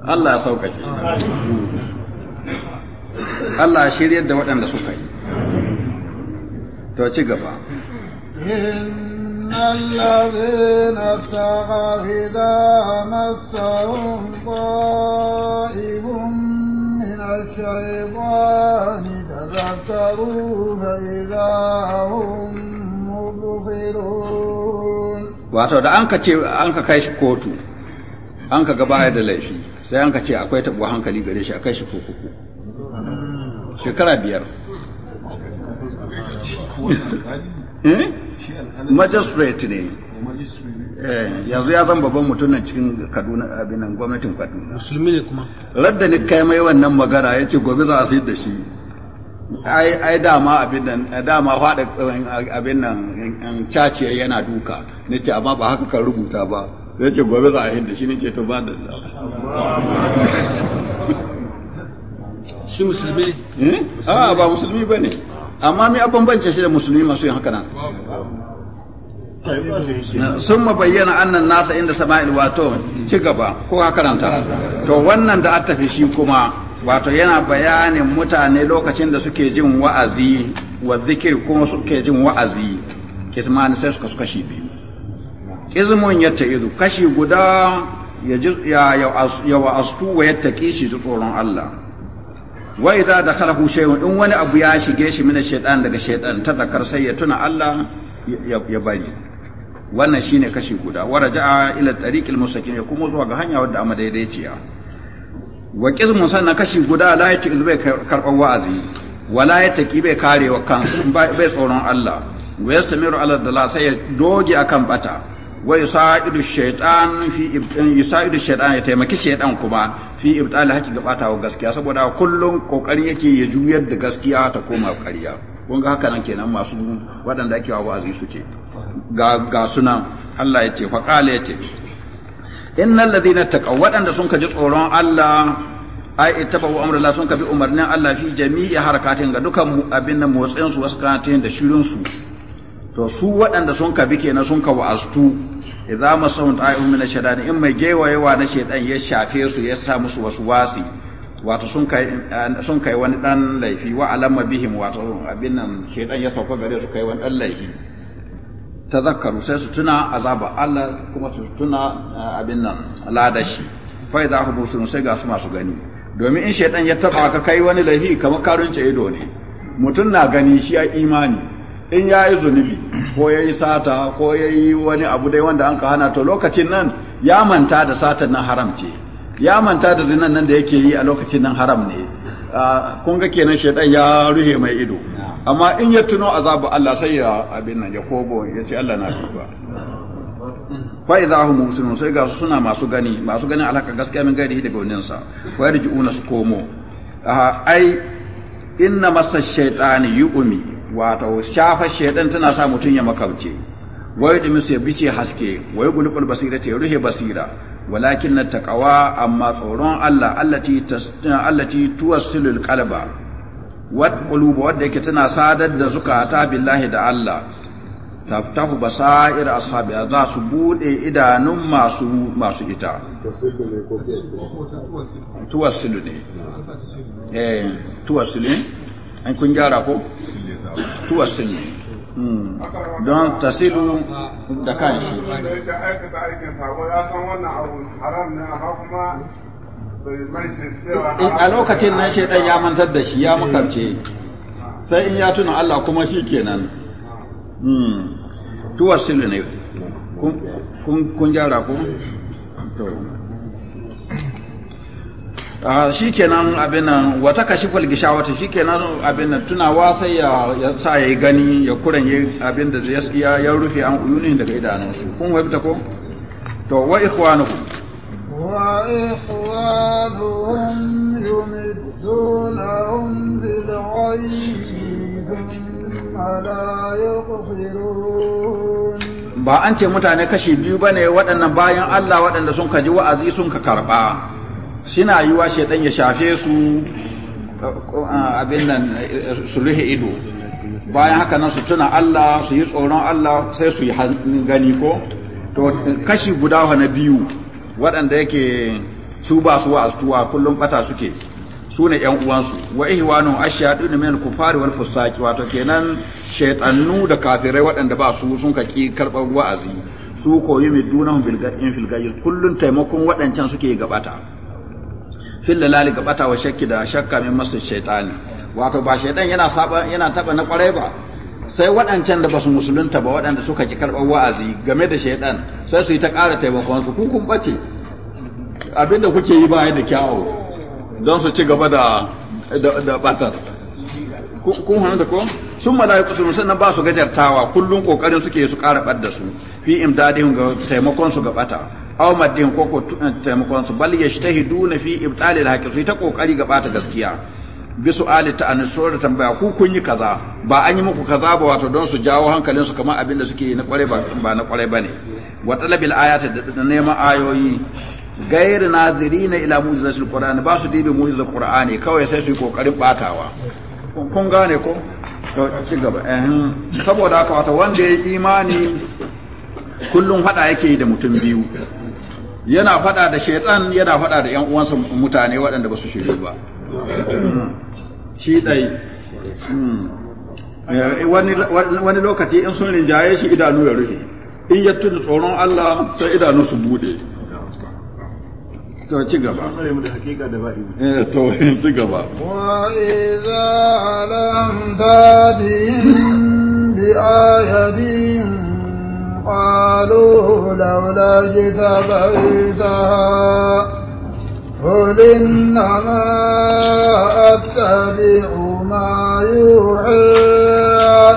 Allah ya sauƙaƙe Allah ya shiryar da waɗanda suka yi to ci gaba إن الذين اتقوا إذا مسهم طائف من الشيطان تذكروا فإذا هم wato da an ka ce an ka kai shi kotu an ka gaba da laifi sai an ka ce akwai tabuwa hankali gare shi a kai shi kurkuku shekara biyar eh? magistrate ne eh, yanzu ya zan babban mutum nan cikin kaduna abinan gwamnatin kaduna musulmi ne kuma radda ni kai mai wannan magana ya ce gobe za a sayar da shi ai dama abin nan dama faɗa abin nan caciya yana duka ce amma ba haka kan rubuta ba zai ce gobe za a hinda shi ce to ba da shi musulmi eh a ah, ba musulmi bane amma mai abban bance shi da musulmi masu yin haka nan sun ma bayyana annan nasa inda sama'il wato ci gaba ko ta to wannan da tafi shi kuma wato yana bayanin mutane lokacin da suke jin wa'azi wa zikir kuma suke jin wa'azi kisman sai suka kasu kashi biyu izmun ya ta'idu kashi guda ya wa'astu wa ya taƙi shi tsoron Allah wa idza dakhalahu shay'un in wani abu ya shige shi mina shaytan daga shaytan ta zakar sai ya tuna Allah ya bari wannan shine kashi guda wa raja'a ila tariqil mustaqim ya kuma zuwa ga hanya wadda amma daidaiciya wa qismun sannan kashi guda la idu bai karban wa'azi wala ya ta'ki bai karewa kansa bai tsoron Allah wa yastamiru ala dala sai ya doge akan bata wa yusaidu shaytan fi ibtan yusaidu shaytan ya taimaki shaytan kuma fi ibtal haqi ga bata gaskiya saboda kullun kokarin yake ya juyar da gaskiya ta koma ƙarya kun ga haka nan kenan masu waɗanda ake wa wa'azi suke ga ga sunan Allah ya ce fa qala ya ce innal ladina taqaw waɗanda sun kaji tsoron Allah ai ittaba'u amra Allah sun kabi umarnin Allah fi jami'i harakatin ga dukan abin nan motsin su wasu da shirin su to su waɗanda sun ka bi kenan sun ka wa'aztu idza masahum ta'ihum min ash-shaytan in mai gewayewa na shaytan ya shafe su ya sa musu wasu wasi wato sun kai sun kai wani dan laifi wa alamma bihim wato abin nan shaytan ya sauka gare su kai wani dan laifi tazakkaru sai su tuna azaba Allah kuma su tuna eh, abin nan ladashi fa idza hum sun sai ga su masu gani domin in shaytan ya taba ka kai wani laifi kamar karunce ido ne mutum na gani shi ya imani in ya yi zunubi ko ya yi sata ko ya yi wani abu dai wanda an ka hana to lokacin nan ya manta da satan nan haram ce ya manta da zinan nan da yake yi a lokacin nan haram ne kun ga kenan shaidan ya ruhe mai ido amma in ya tuno azabu Allah sai ya abin nan ya kobo ya ce Allah na duba fa idza hum muslimun sai ga suna masu gani masu gani alaka gaskiya min gari daga wannan sa da yarji'una su komo ai inna masa yi yu'mi wato shafa shedan tana sa mutum ya makauce wai da musu ya bice haske wai gulubul basira ta ruhe basira walakin na taqawa amma tsoron Allah allati allati tuwassilul qalba wat quluba wadda yake tana sadar da zukata billahi da Allah taftahu basair ashabi za su bude idanun masu masu ita tuwassilu ne eh tuwassilu ne an kun gyara ko tuwa sun yi hmm. don tasiru da kan shi a lokacin nan shaitan ya mantar da shi ya makamce sai in ya tuna Allah kuma shi kenan hmm. tuwa sunni ne kun gyara ko to Ah, shikenan abin nan wata kashifal gishawata shikenan abin nan tunawa sai ya sa ya yi gani ya yi abin da ya ya rufe an uyuni daga idanunsu kun wabta ko to wa ikhwanukum wa ikhwanuhum yumidunahum bil ba an ce mutane kashi biyu bane waɗannan bayan Allah waɗanda sun kaji wa'azi sun ka karɓa suna wa shaidan ya shafe su abin nan su rufe ido bayan haka nan su tuna Allah su yi tsoron Allah sai su yi gani ko to kashi guda na biyu waɗanda yake su ba su astuwa kullum bata suke su ne ƴan uwansu, wa ihwanu ashadu ne min kufari wal fusaki wato kenan shaytanu da kafirai waɗanda ba su sun ka ki karɓar wa'azi su koyi bil gadin fil gayr kullum taimakon waɗancan suke gabata. fil dalali bata wa shakki da shakka min masu shaytani wato ba shaytan yana saba yana taba na kwarai ba sai waɗancan da basu musulunta ba waɗanda suka ki karɓar wa'azi game da shaytan sai su yi ta ƙara taimakon su kun bace abinda kuke yi ba da kyawu don su ci gaba da da batar kun hannu da ko sun malayi kusur sannan ba su gajartawa kullum kokarin suke su ƙara ɓadda su fi imdadin ga taimakon su ga ɓata aw maddin ko ko eh, taimakon su bal na fi ibtalil haqqi su ta kokari ga bata gaskiya bi su'ali ta an da tambaya ku kun yi kaza ba an yi muku kaza ba wato don su jawo hankalin su kamar abin da suke yi na kware ba ba na kware bane wa talabil ayati da neman ayoyi gairi nazirina ila mu'jizatil qur'an ba su dibe mujizar qur'ani kawai sai su yi kokarin batawa kun gane ko to ci gaba eh saboda haka wato wanda ya imani kullum hada yake da mutum biyu yana faɗa da shaitan yana faɗa da ƴan uwansa mutane waɗanda ba su shiri ba shi ɗai hmm, eh, wani lokaci in sun rinjaye shi idanu ya rufe in ya tuna tsoron Allah sai idanu su bude to ci gaba eh to ci gaba wa idza lam tadin bi ayadin قالوا لولا جئت بيتها قل إنما أتبع ما يوحى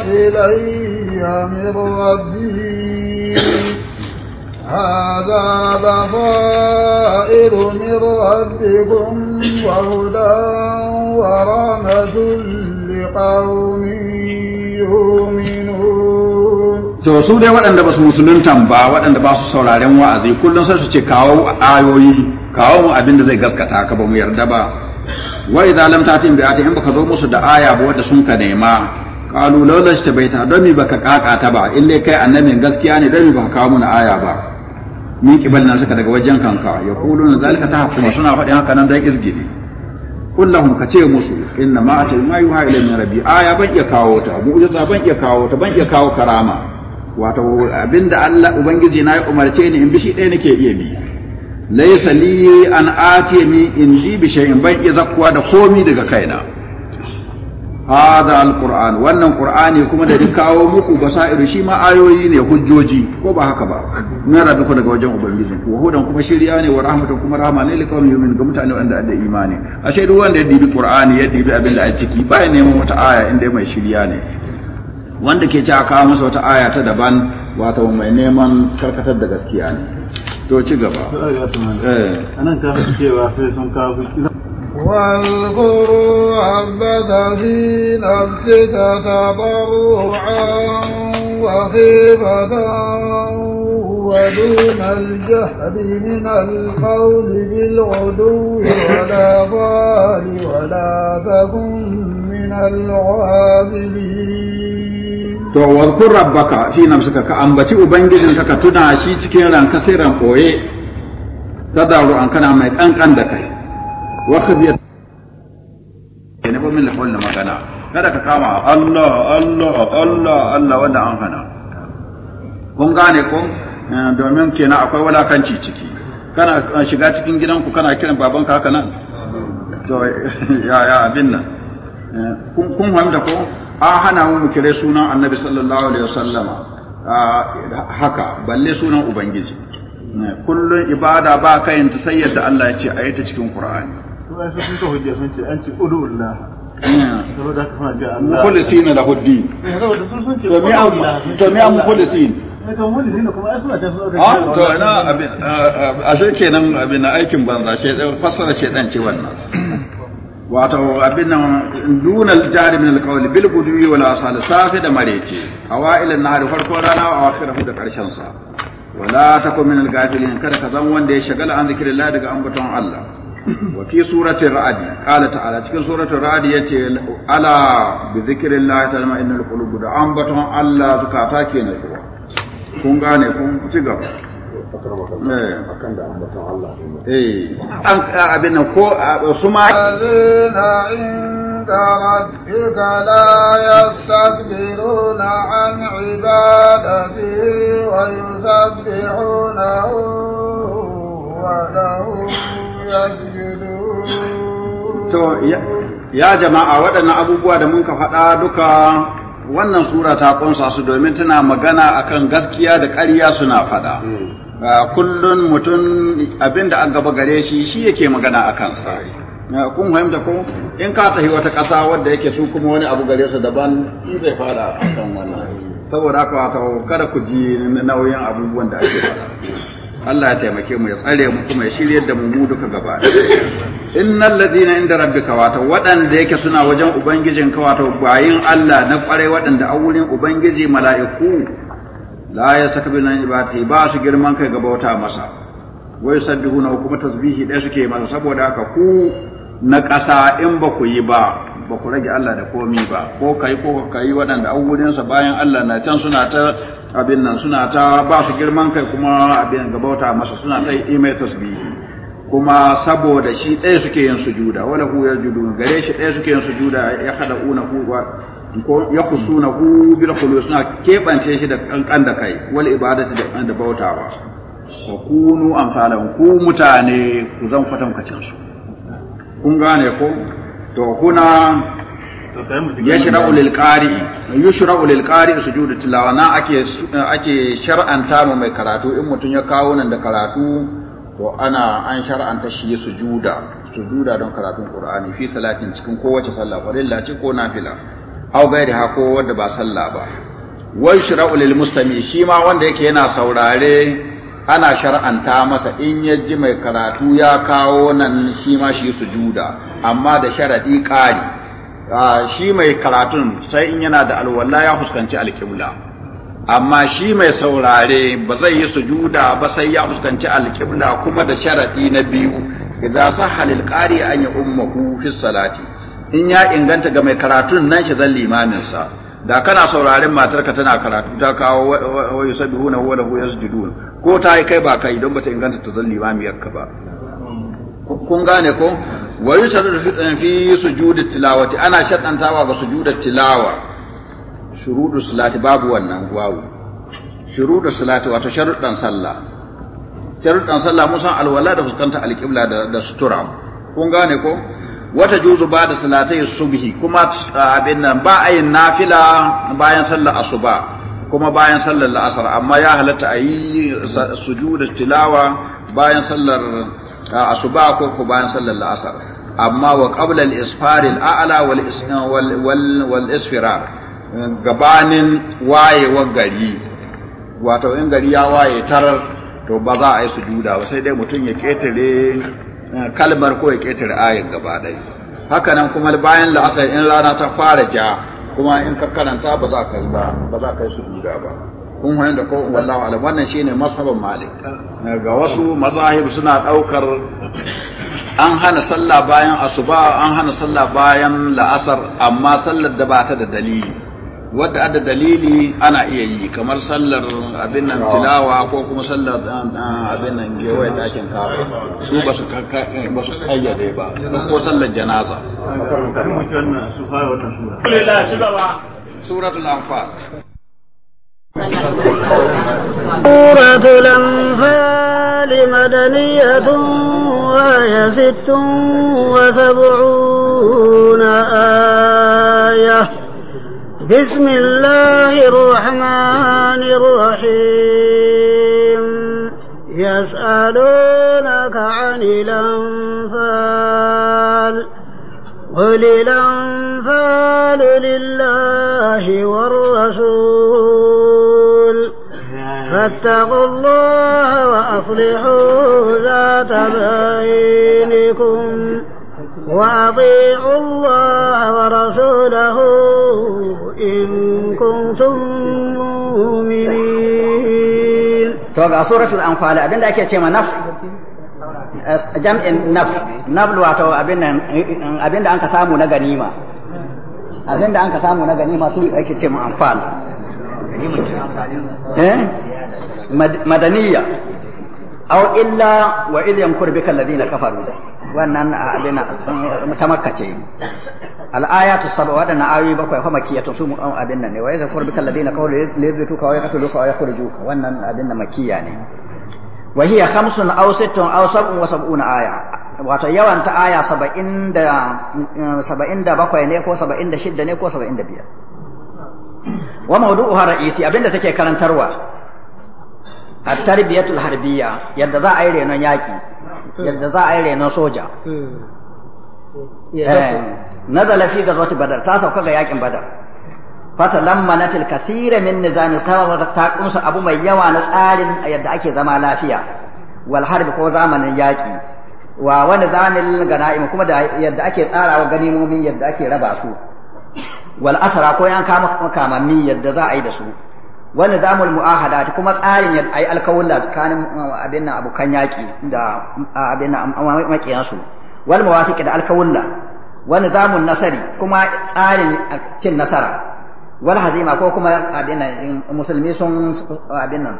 إلي من ربي هذا بصائر من ربكم وهدى ورحمة لقوم يؤمنون to su dai waɗanda ba su musuluntan ba waɗanda ba su sauraren wa'azi kullum sai su ce kawo ayoyi kawo mu abin da zai gaskata ka ba mu yarda ba wa idza lam ta'tim bi in baka zo musu da aya ba wanda sun ka nema qalu law lashta baita don mi baka kakata ba in dai kai annabin gaskiya ne don mi baka kawo mana aya ba min nan suka daga wajen kanka na, zalika hakuma suna faɗin haka nan dai izgili kullahum ka ce musu inna ma atai yuha ila rabbi aya ban iya kawo ta mu'jiza ban iya kawo ta ban iya kawo karama wato abinda Allah ubangiji na ya umarce ni in bi shi ɗaya nake iya bi laysa li an ati mi in bi bi shay'in ban iya zakkuwa da komi daga kaina hada alquran wannan qur'ani kuma da kawo muku basairu shi ma ayoyi ne hujjoji ko ba haka ba na rabi ku daga wajen ubangiji ku hudan kuma shiriya ne wa rahmatun kuma rahma ne li qaumin yu'minun ga mutane wanda Allah imani ashe duk wanda ya dibi qur'ani ya dibi abin da a ciki ba ya neman wata aya inda mai shiriya ne wanda ke ci a kawo masa wata aya ta daban wato mai neman karkatar da gaskiya ne to ci gaba eh. anan ka fi cewa sai sun kawo واذكر ربك في نفسك تضرعا وخيفة ودون الجهد من القول بالغدو ولا ضال ولا تكن من الغافلين to wadkur rabbaka fi nafsika ka ambaci ubangijin ka tuna shi cikin ranka sai ran boye tadaru an kana mai kankan da kai wa khabiyat ne ba min lahul magana kada ka kama Allah Allah Allah Allah wanda an kana. kun gane ko eh, domin kenan akwai walakanci ciki kana shiga cikin gidanku kana kiran babanka haka nan to ya ya abin nan kun fahimta ko a hana mu kire sunan annabi sallallahu alaihi wasallama haka balle sunan ubangiji kullun ibada ba ka yin sai yadda Allah ya ce ayata cikin Qur'ani kuma sun ta hujja sun ce an ce to da ka fara ji Allah mu kullu mukhlisin lahu din to mi am to me am mukhlisin to mu eh, kuma ai suna ta ah, to na abin a sai kenan abin aikin banza sai fassara shedan ce wannan wato abin nan dunal jari min alqawli bil gudwi wal asal safi da marece awailan nahar farko rana wa akhirahu da karshen sa wala takun min alghafilin kada ka zan wanda ya shagala an zikrillah daga ambaton Allah wa fi surati ra'd qala ta'ala cikin surati ra'd yace ala bi zikrillah ta'ala innal qulub da ambaton Allah zukata ke natsuwa kun gane kun ci gaba Eh. akan da eh. ko ya jama'a waɗannan abubuwa da mun ka faɗa duka wannan sura ta ƙunsa su domin tana magana akan gaskiya da ƙarya suna faɗa. Hmm. Ah, kullun mutum abin da an gaba gare shi shi yake magana a kansa ah, kun fahimta ko in ka tafi wata ƙasa wadda yake su kuma wani abu gare su daban in zai fara a kan wannan saboda haka wata kada ku ji nauyin abubuwan da ake fada Allah ya taimake mu ya tsare mu kuma ya shiryar da mu mu duka gaba innal ladina inda rabbika wato waɗanda yake suna wajen ubangijin ka wato bayin Allah na kware waɗanda a wurin ubangiji mala'iku la ya nan ibadati ba su girman kai ga bauta masa wai sadduna kuma tasbihi ɗaya suke masa saboda haka ku na ƙasa in ba ku yi ba ba ku rage Allah da komi ba ko kai ko ka yi waɗanda an bayan Allah na can suna ta abin nan suna ta ba su girman kai kuma abin bauta masa suna ta yi mai tasbihi kuma saboda shi ɗaya suke yin sujuda wala hu yajudu gare shi ɗaya suke yin sujuda ya hada una ku ko ya kusuna ku bil khulus suna kebance shi da kankan da kai wal ibadatu da da bautawa wa kunu amsalan ku mutane ku zan cin su kun gane ko to kuna yashra'u lil qari yushra'u lil qari sujudu tilawa na ake ake shar'anta mu mai karatu in mutun ya kawo nan da karatu to ana an shar'anta shi sujuda sujuda don karatun qur'ani fi salatin cikin kowace sallah qulilla ce ko nafila aw gairiha ko wanda ba sallah ba wai shara'u lil mustami shi ma wanda yake yana saurare ana shar'anta masa in ya ji mai karatu ya kawo nan shi ma shi sujuda amma da sharadi kari. shi mai karatun sai in yana da alwala ya fuskanci alƙibla amma shi mai saurare ba zai yi sujuda ba sai ya fuskanci alƙibla kuma da sharadi na biyu idza sahha lil qari an ya ummuhu fi salati in ya inganta ga mai karatun nan shi zan limamin sa da kana sauraren matarka tana karatu ta kawo wa yusabbihuna wa lahu yasjudun ko ta yi kai ba kai don bata inganta ta zan limamiyar ba kun gane ko wa yusarru fi sujudi tilawati ana shaddantawa ga sujudat tilawa shurudu salati babu wannan gwawo shurudu salati wato sharuɗan sallah sharuɗan sallah musan alwala da fuskanta alqibla da sutura kun gane ko wata juzu ba da salatai subhi kuma abin nan ba a nafila bayan sallar asuba kuma bayan sallar la'asar amma ya halatta a yi sujuda tilawa bayan sallar asuba ko ko bayan sallar la'asar amma wa qabla al-isfar al-a'la wal wal isfirar gabanin wayewar gari wato in gari ya waye tarar to ba za a yi sujuda ba sai dai mutum ya ketare kalmar ko ya ƙetare ayin gaba ɗaya haka kuma bayan la'asar in rana ta fara ja kuma in ka karanta ba za ka yi ba ba za ka yi su duga ba kun hanyar da kowa wallahu alam wannan shine mashaban malik ga wasu mazahib suna ɗaukar an hana sallah bayan asuba an hana sallah bayan la'asar amma sallar da ba ta da dalili wadda ada dalili ana iya yi kamar sallar abin nan tilawa ko kuma sallar ah, ah, abin nan gewaye dakin kafa su ba su kayyade ba ko sallar janaza sura. suratul anfal سورة الأنفال مدنية وهي ست وسبعون آية بسم الله الرحمن الرحيم يسألونك عن الأنفال قل الأنفال لله والرسول فاتقوا الله وأصلحوا ذات بينكم وأطيعوا الله ورسوله إن كنتم مؤمنين to ga suratul anfal abinda ake ce ma naf jam'in naf nabl wato abinda abinda an ka samu na ganima abinda an ka samu na ganima su ake ce ma aw illa wa idh yamkuru bika alladhina kafaru wannan ah, abin ah, ce. al-ayatu sab'a wadannan ayoyi bakwai fa makiyatun su mu ah, abin nan ne wa idh yamkuru bika alladhina kafaru liyadhituka wa yaqtuluka wa yakhrujuka wannan abin nan makiya ne wa hiya khamsun aw sittun aw sab'un wa sab'una aya wato yawan ta aya 70 da mm, da bakwai ne ko da shidda ne ko da biyar. wa mawdu'uha ra'isi abinda take karantarwa a tarbiyyatu harbiya yadda za a yi renon yaƙi yadda za a yi renon soja eh, eh, nazala fi gazwati badar ta sauka ga yaƙin badar fata lammanatil kathira min nizamin saboda ta kunsa abu mai yawa na tsarin yadda ake zama lafiya wal harbi ko zamanin yaƙi wa wani zamin gana'im kuma da yadda ake tsarawa ganimomi yadda ake raba su wal asara ko yan kama kamanni yadda za a yi da su Wani wa nizamul ta kuma tsarin ya ayi alkawulla tsakanin uh, abin nan abokan yaki da uh, abin nan uh, makiyansu wal mawathiq da alkawulla Wani nizamun nasari kuma tsarin cin nasara wal hazima ko kuma abin nan musulmi sun abin nan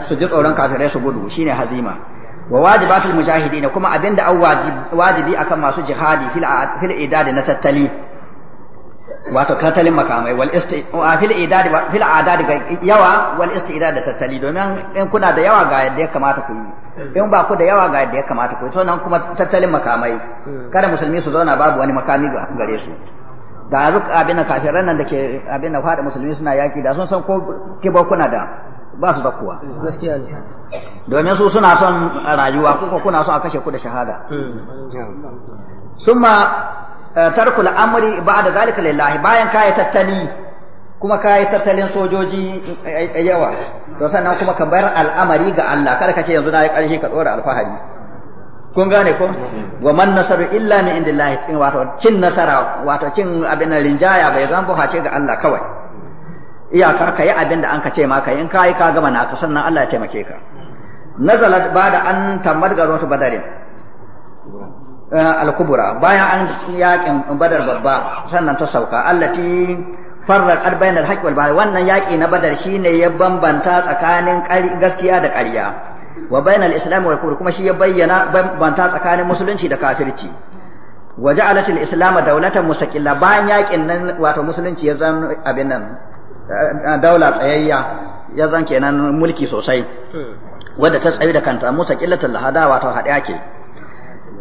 su ji tsoron kafirai su gudu shine hazima wa wajibatul mujahidin kuma abin da an wajibi akan masu jihadi fil fil na tattali wato tattalin makamai wal fil idad fil adad ga yawa wal istidad da tattali domin in kuna da yawa ga yadda ya kamata ku yi in ba ku da yawa ga yadda ya kamata ku yi to nan kuma tattalin makamai kada musulmi su zauna babu wani makami gare su da ruk abin da kafiran nan da ke abin da fada musulmi suna yaki da sun san ko kibar kuna da ba su da kuwa domin su suna son rayuwa ko kuna son a kashe ku da shahada hmm. Hmm. summa Eh, tarkul amri ba'da zalika lillahi bayan ka yi tattali kuma ka yi tattalin sojoji eh, eh, yawa to sannan kuma ka bayar al'amari ga Allah kada ka ce yanzu na yi ƙarfi ka ɗora alfahari kun gane ko wa man nasaru illa min indillahi wato cin nasara wato cin abin rinjaya bai zan buha ce ga Allah kawai iyaka ka yi abin da an ka ce ma ka in ka yi ka gama ka sannan Allah ya taimake ka nazalat ba da an tammad ga rotu badarin al-kubra bayan an yakin badar babba sannan ta sauka allati farraqat bainal haqq wal batil wannan yaki na badar shine ya bambanta tsakanin gaskiya da ƙarya wa bainal islam wal kufr kuma shi ya bayyana bambanta tsakanin musulunci da kafirci wa ja'alat al-islam dawlatan mustaqilla bayan yakin nan wato musulunci ya zan abin nan daula tsayayya ya zan kenan mulki sosai wadda ta tsayi da kanta mustaqillatul lahada wato hadiya ke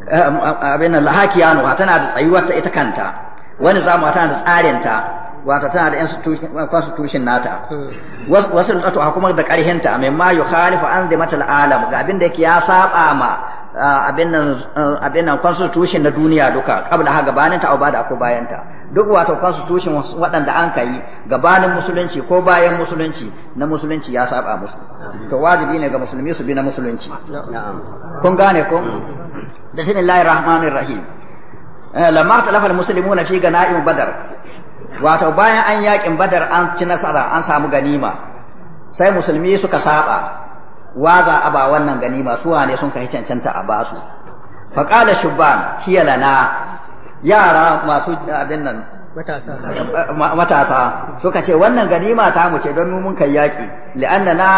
Eh, abin nan tana da tsayuwar ta ita kanta wani zamu tana da tsarin ta wato tana da constitution nata wasu lutatu kuma da karhinta mai ma yukhalifu an zimatal alam ga abin da yake ya saba ma Ah, abin nan ah, abin nan constitution na duniya duka kabla ha gabanin ta au bada ko bayan ta duk wato constitution waɗanda an kai gabanin musulunci ko bayan musulunci na musulunci ya saba musu to wajibi ne ga musulmi su bi na musulunci kun gane ko bismillahir rahmanir rahim eh, lamma talafa muslimuna fi ganaim badar wato bayan an yakin badar an ci nasara an samu ganima sai musulmi suka saba waza aba wannan gani su ne sun kai cancanta a basu fa qala shubban hiya lana yara masu abin nan matasa Matasa. suka ce wannan ganima ta mu ce don mu mun kai yaƙi li'anna na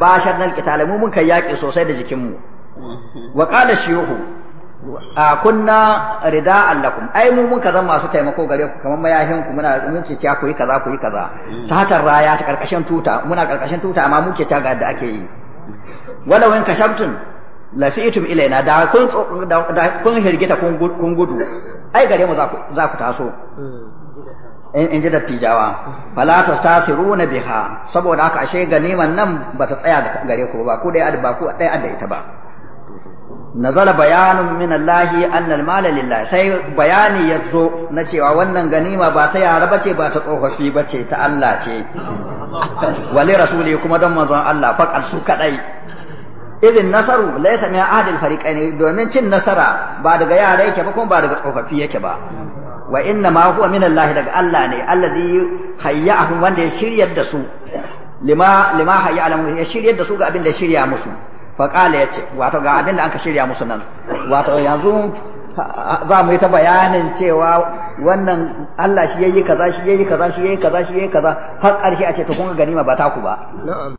basharnal qital mu mun kai yaƙi sosai da jikinmu wa qala shiyuhu a kunna rida allakum ai mu mun kaza masu taimako gare ku kamar mayahin ku muna mun ce ku yi kaza ku yi kaza ta hatar raya ta karkashin tuta muna karkashin tuta amma muke ta ga da ake yi wala wani kashabtun lafi'itum ilaina da kun da kun hirgita kun gudu ai gare mu za ku taso in ji dattijawa fala na biha saboda haka ashe ganiman nan bata tsaya gare ku ba ku dai ba ku dai adda ita ba nazala bayanun min Allah annal mala lillah sai bayani ya zo na cewa wannan ganima ba ta yara bace ba ta tsofaffi bace ta Allah ce wali rasuli kuma don manzon Allah faqal su kadai idin nasaru laysa min ahadil fariqaini domin cin nasara ba daga yara yake ba kuma ba daga tsofaffi yake ba wa inna ma huwa min Allah daga Allah ne alladhi hayya'ahum wanda ya shiryar da su lima lima hayya'ahum ya shiryar da su ga abin da shirya musu faƙala ya ce wato ga abin da an ka shirya musu nan wato yanzu za mu yi ta bayanin cewa wannan Allah shi yayi kaza shi yayi kaza shi yayi kaza shi yayi kaza har ƙarshe a ce to kun ganima ba ta ku ba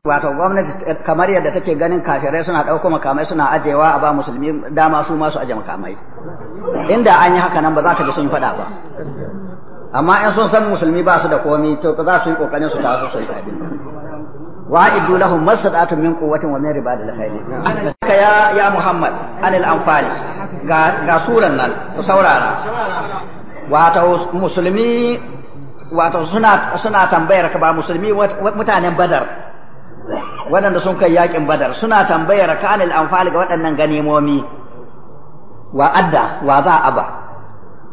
wato gwamnati kamar yadda take ganin kafirai suna ɗauko makamai suna ajewa a ba musulmi dama su ma su aje makamai inda an yi haka nan ba za ka ji sun faɗa ba amma in sun san musulmi ba su da komi to za su yi ƙoƙarin su taso su yi abin واعدوا لهم ما استطعتم من قوه ومن رباط الخيل يا يا محمد عن الانفال ga suran nan saurara wato musulmi suna tambayar ka ba musulmi mutanen badar waɗanda sun kai yakin badar suna tambayar ka anil anfali ga waɗannan ganimomi wa wa za ba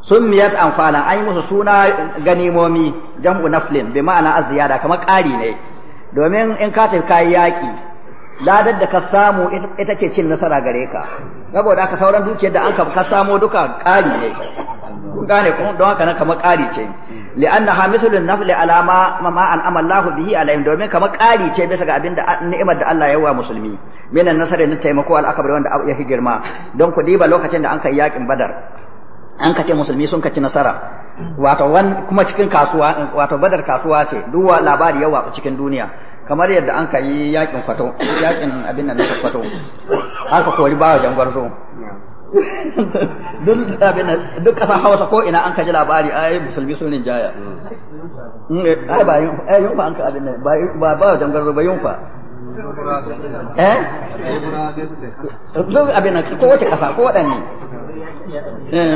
sun miyat amfanin an yi musu suna ganimomi jam'u naflin bi ma'ana aziyada kamar ƙari ne domin in ka tafi kayi yaƙi ladar da ka samu ita ce cin nasara gare ka saboda aka sauran dukiyar da an ka samo duka ƙari ne kun gane kun don haka nan kamar ƙari ce li'anna ha mislun nafli ala ma ma an amallahu bihi alaihim domin kamar ƙari ce bisa ga abin da ni'imar da Allah ya yi wa musulmi minan nasara na taimako al wanda ya fi girma don ku diba lokacin da an kai yaƙin badar an kace musulmi sun kaci nasara wato wan kuma cikin kasuwa wato badar kasuwa ce duk labari yawa cikin duniya kamar yadda an kai yakin kwato yakin abin nan na kwato haka ko aka kori bawa jangwarzo duk abin nan duk kasar Hausa ko ina an kaji labari ai musulmi sun rinjaya mm, eh, ai ba yin ai yin ba an ka abin nan ba ba jangwar zo ba yin fa eh duk abin nan ko wace kasa ko wadanne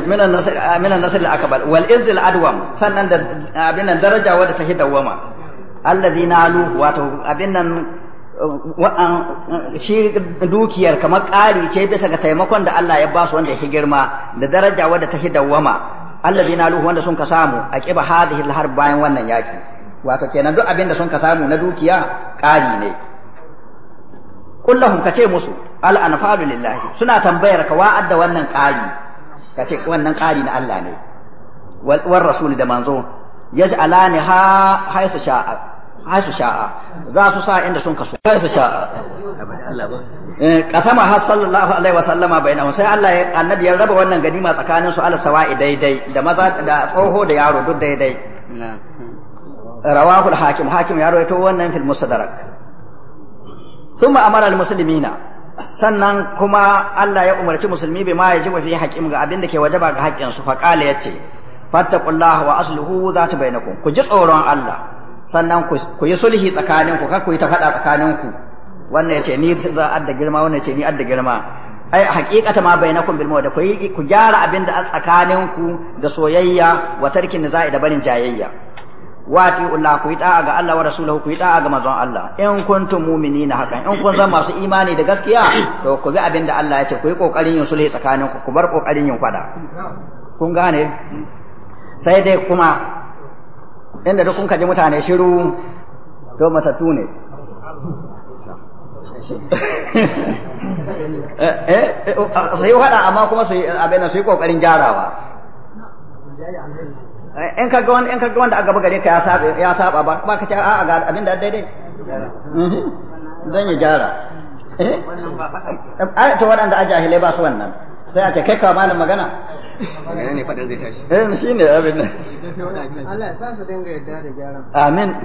من النصر من النصر الأكبر والإذ الأدوم سنن أبنا درجة ودى تهدى وما الذي نالوه واتو أبنا shi dukiyar kamar ƙari ce bisa ga taimakon da Allah ya ba su wanda ya girma da daraja wadda ta hidawwama allazi na luhu wanda sun ka samu a ƙiba hadhihi har bayan wannan yaki wato kenan duk abin da sun ka samu na dukiya ƙari ne kullahum ka ce musu al anfalu lillahi suna tambayar ka wa'adda wannan ƙari ka ce wannan ƙari na Allah ne wal rasul da manzo yaj'alani ha haisu sha'a haisu sha'a za su sa inda sun kasu. haisu sha'a eh, kasama har sallallahu alaihi wa sallama bainahum sai Allah ya annabi ya raba wannan ganima tsakanin su ala sawa'i daidai da maza da tsoho da yaro duk daidai rawahu al-hakim hakim ya rawaito wannan fil musadarak ثم أمر المسلمين sannan kuma Allah ya umarci musulmi bai ma yajibu fi haqqim ga abin da ke wajaba ga haƙƙin su fa qala yace fattaqullaha wa asluhu zata bainakum ku ji tsoron Allah sannan ku yi sulhi tsakanin ku ku yi ta faɗa tsakanin ku wannan yace ni za adda girma wannan yace ni adda girma ai haqiqata ma bainakum bil mawda ku ku gyara abin da tsakanin ku da soyayya wa tarkin zai da barin jayayya wati ulla ku yi ta'a ga Allah wa rasulahu ku yi ta'a ga manzon Allah in kuntum mu'minina hakan in kun zama masu imani da gaskiya to ku bi abinda Allah ya ce ku yi kokarin yin sulhi tsakanin ku ku bar kokarin yin fada kun gane sai dai kuma inda duk kun kaji mutane shiru to matattu ne eh, eh, eh sai hada amma kuma su abin su yi kokarin gyarawa in ka ga wanda in ka ga wanda aka gaba gare ka ya saba ya saba ba ba ka ce a'a ga abin da daidai mhm. dan ya gyara eh to waɗanda ajahilai ba su wannan sai a ce kai ka malam magana ne faɗin zai tashi eh shine abin nan Allah ya sa su dinga yadda da gyaran amin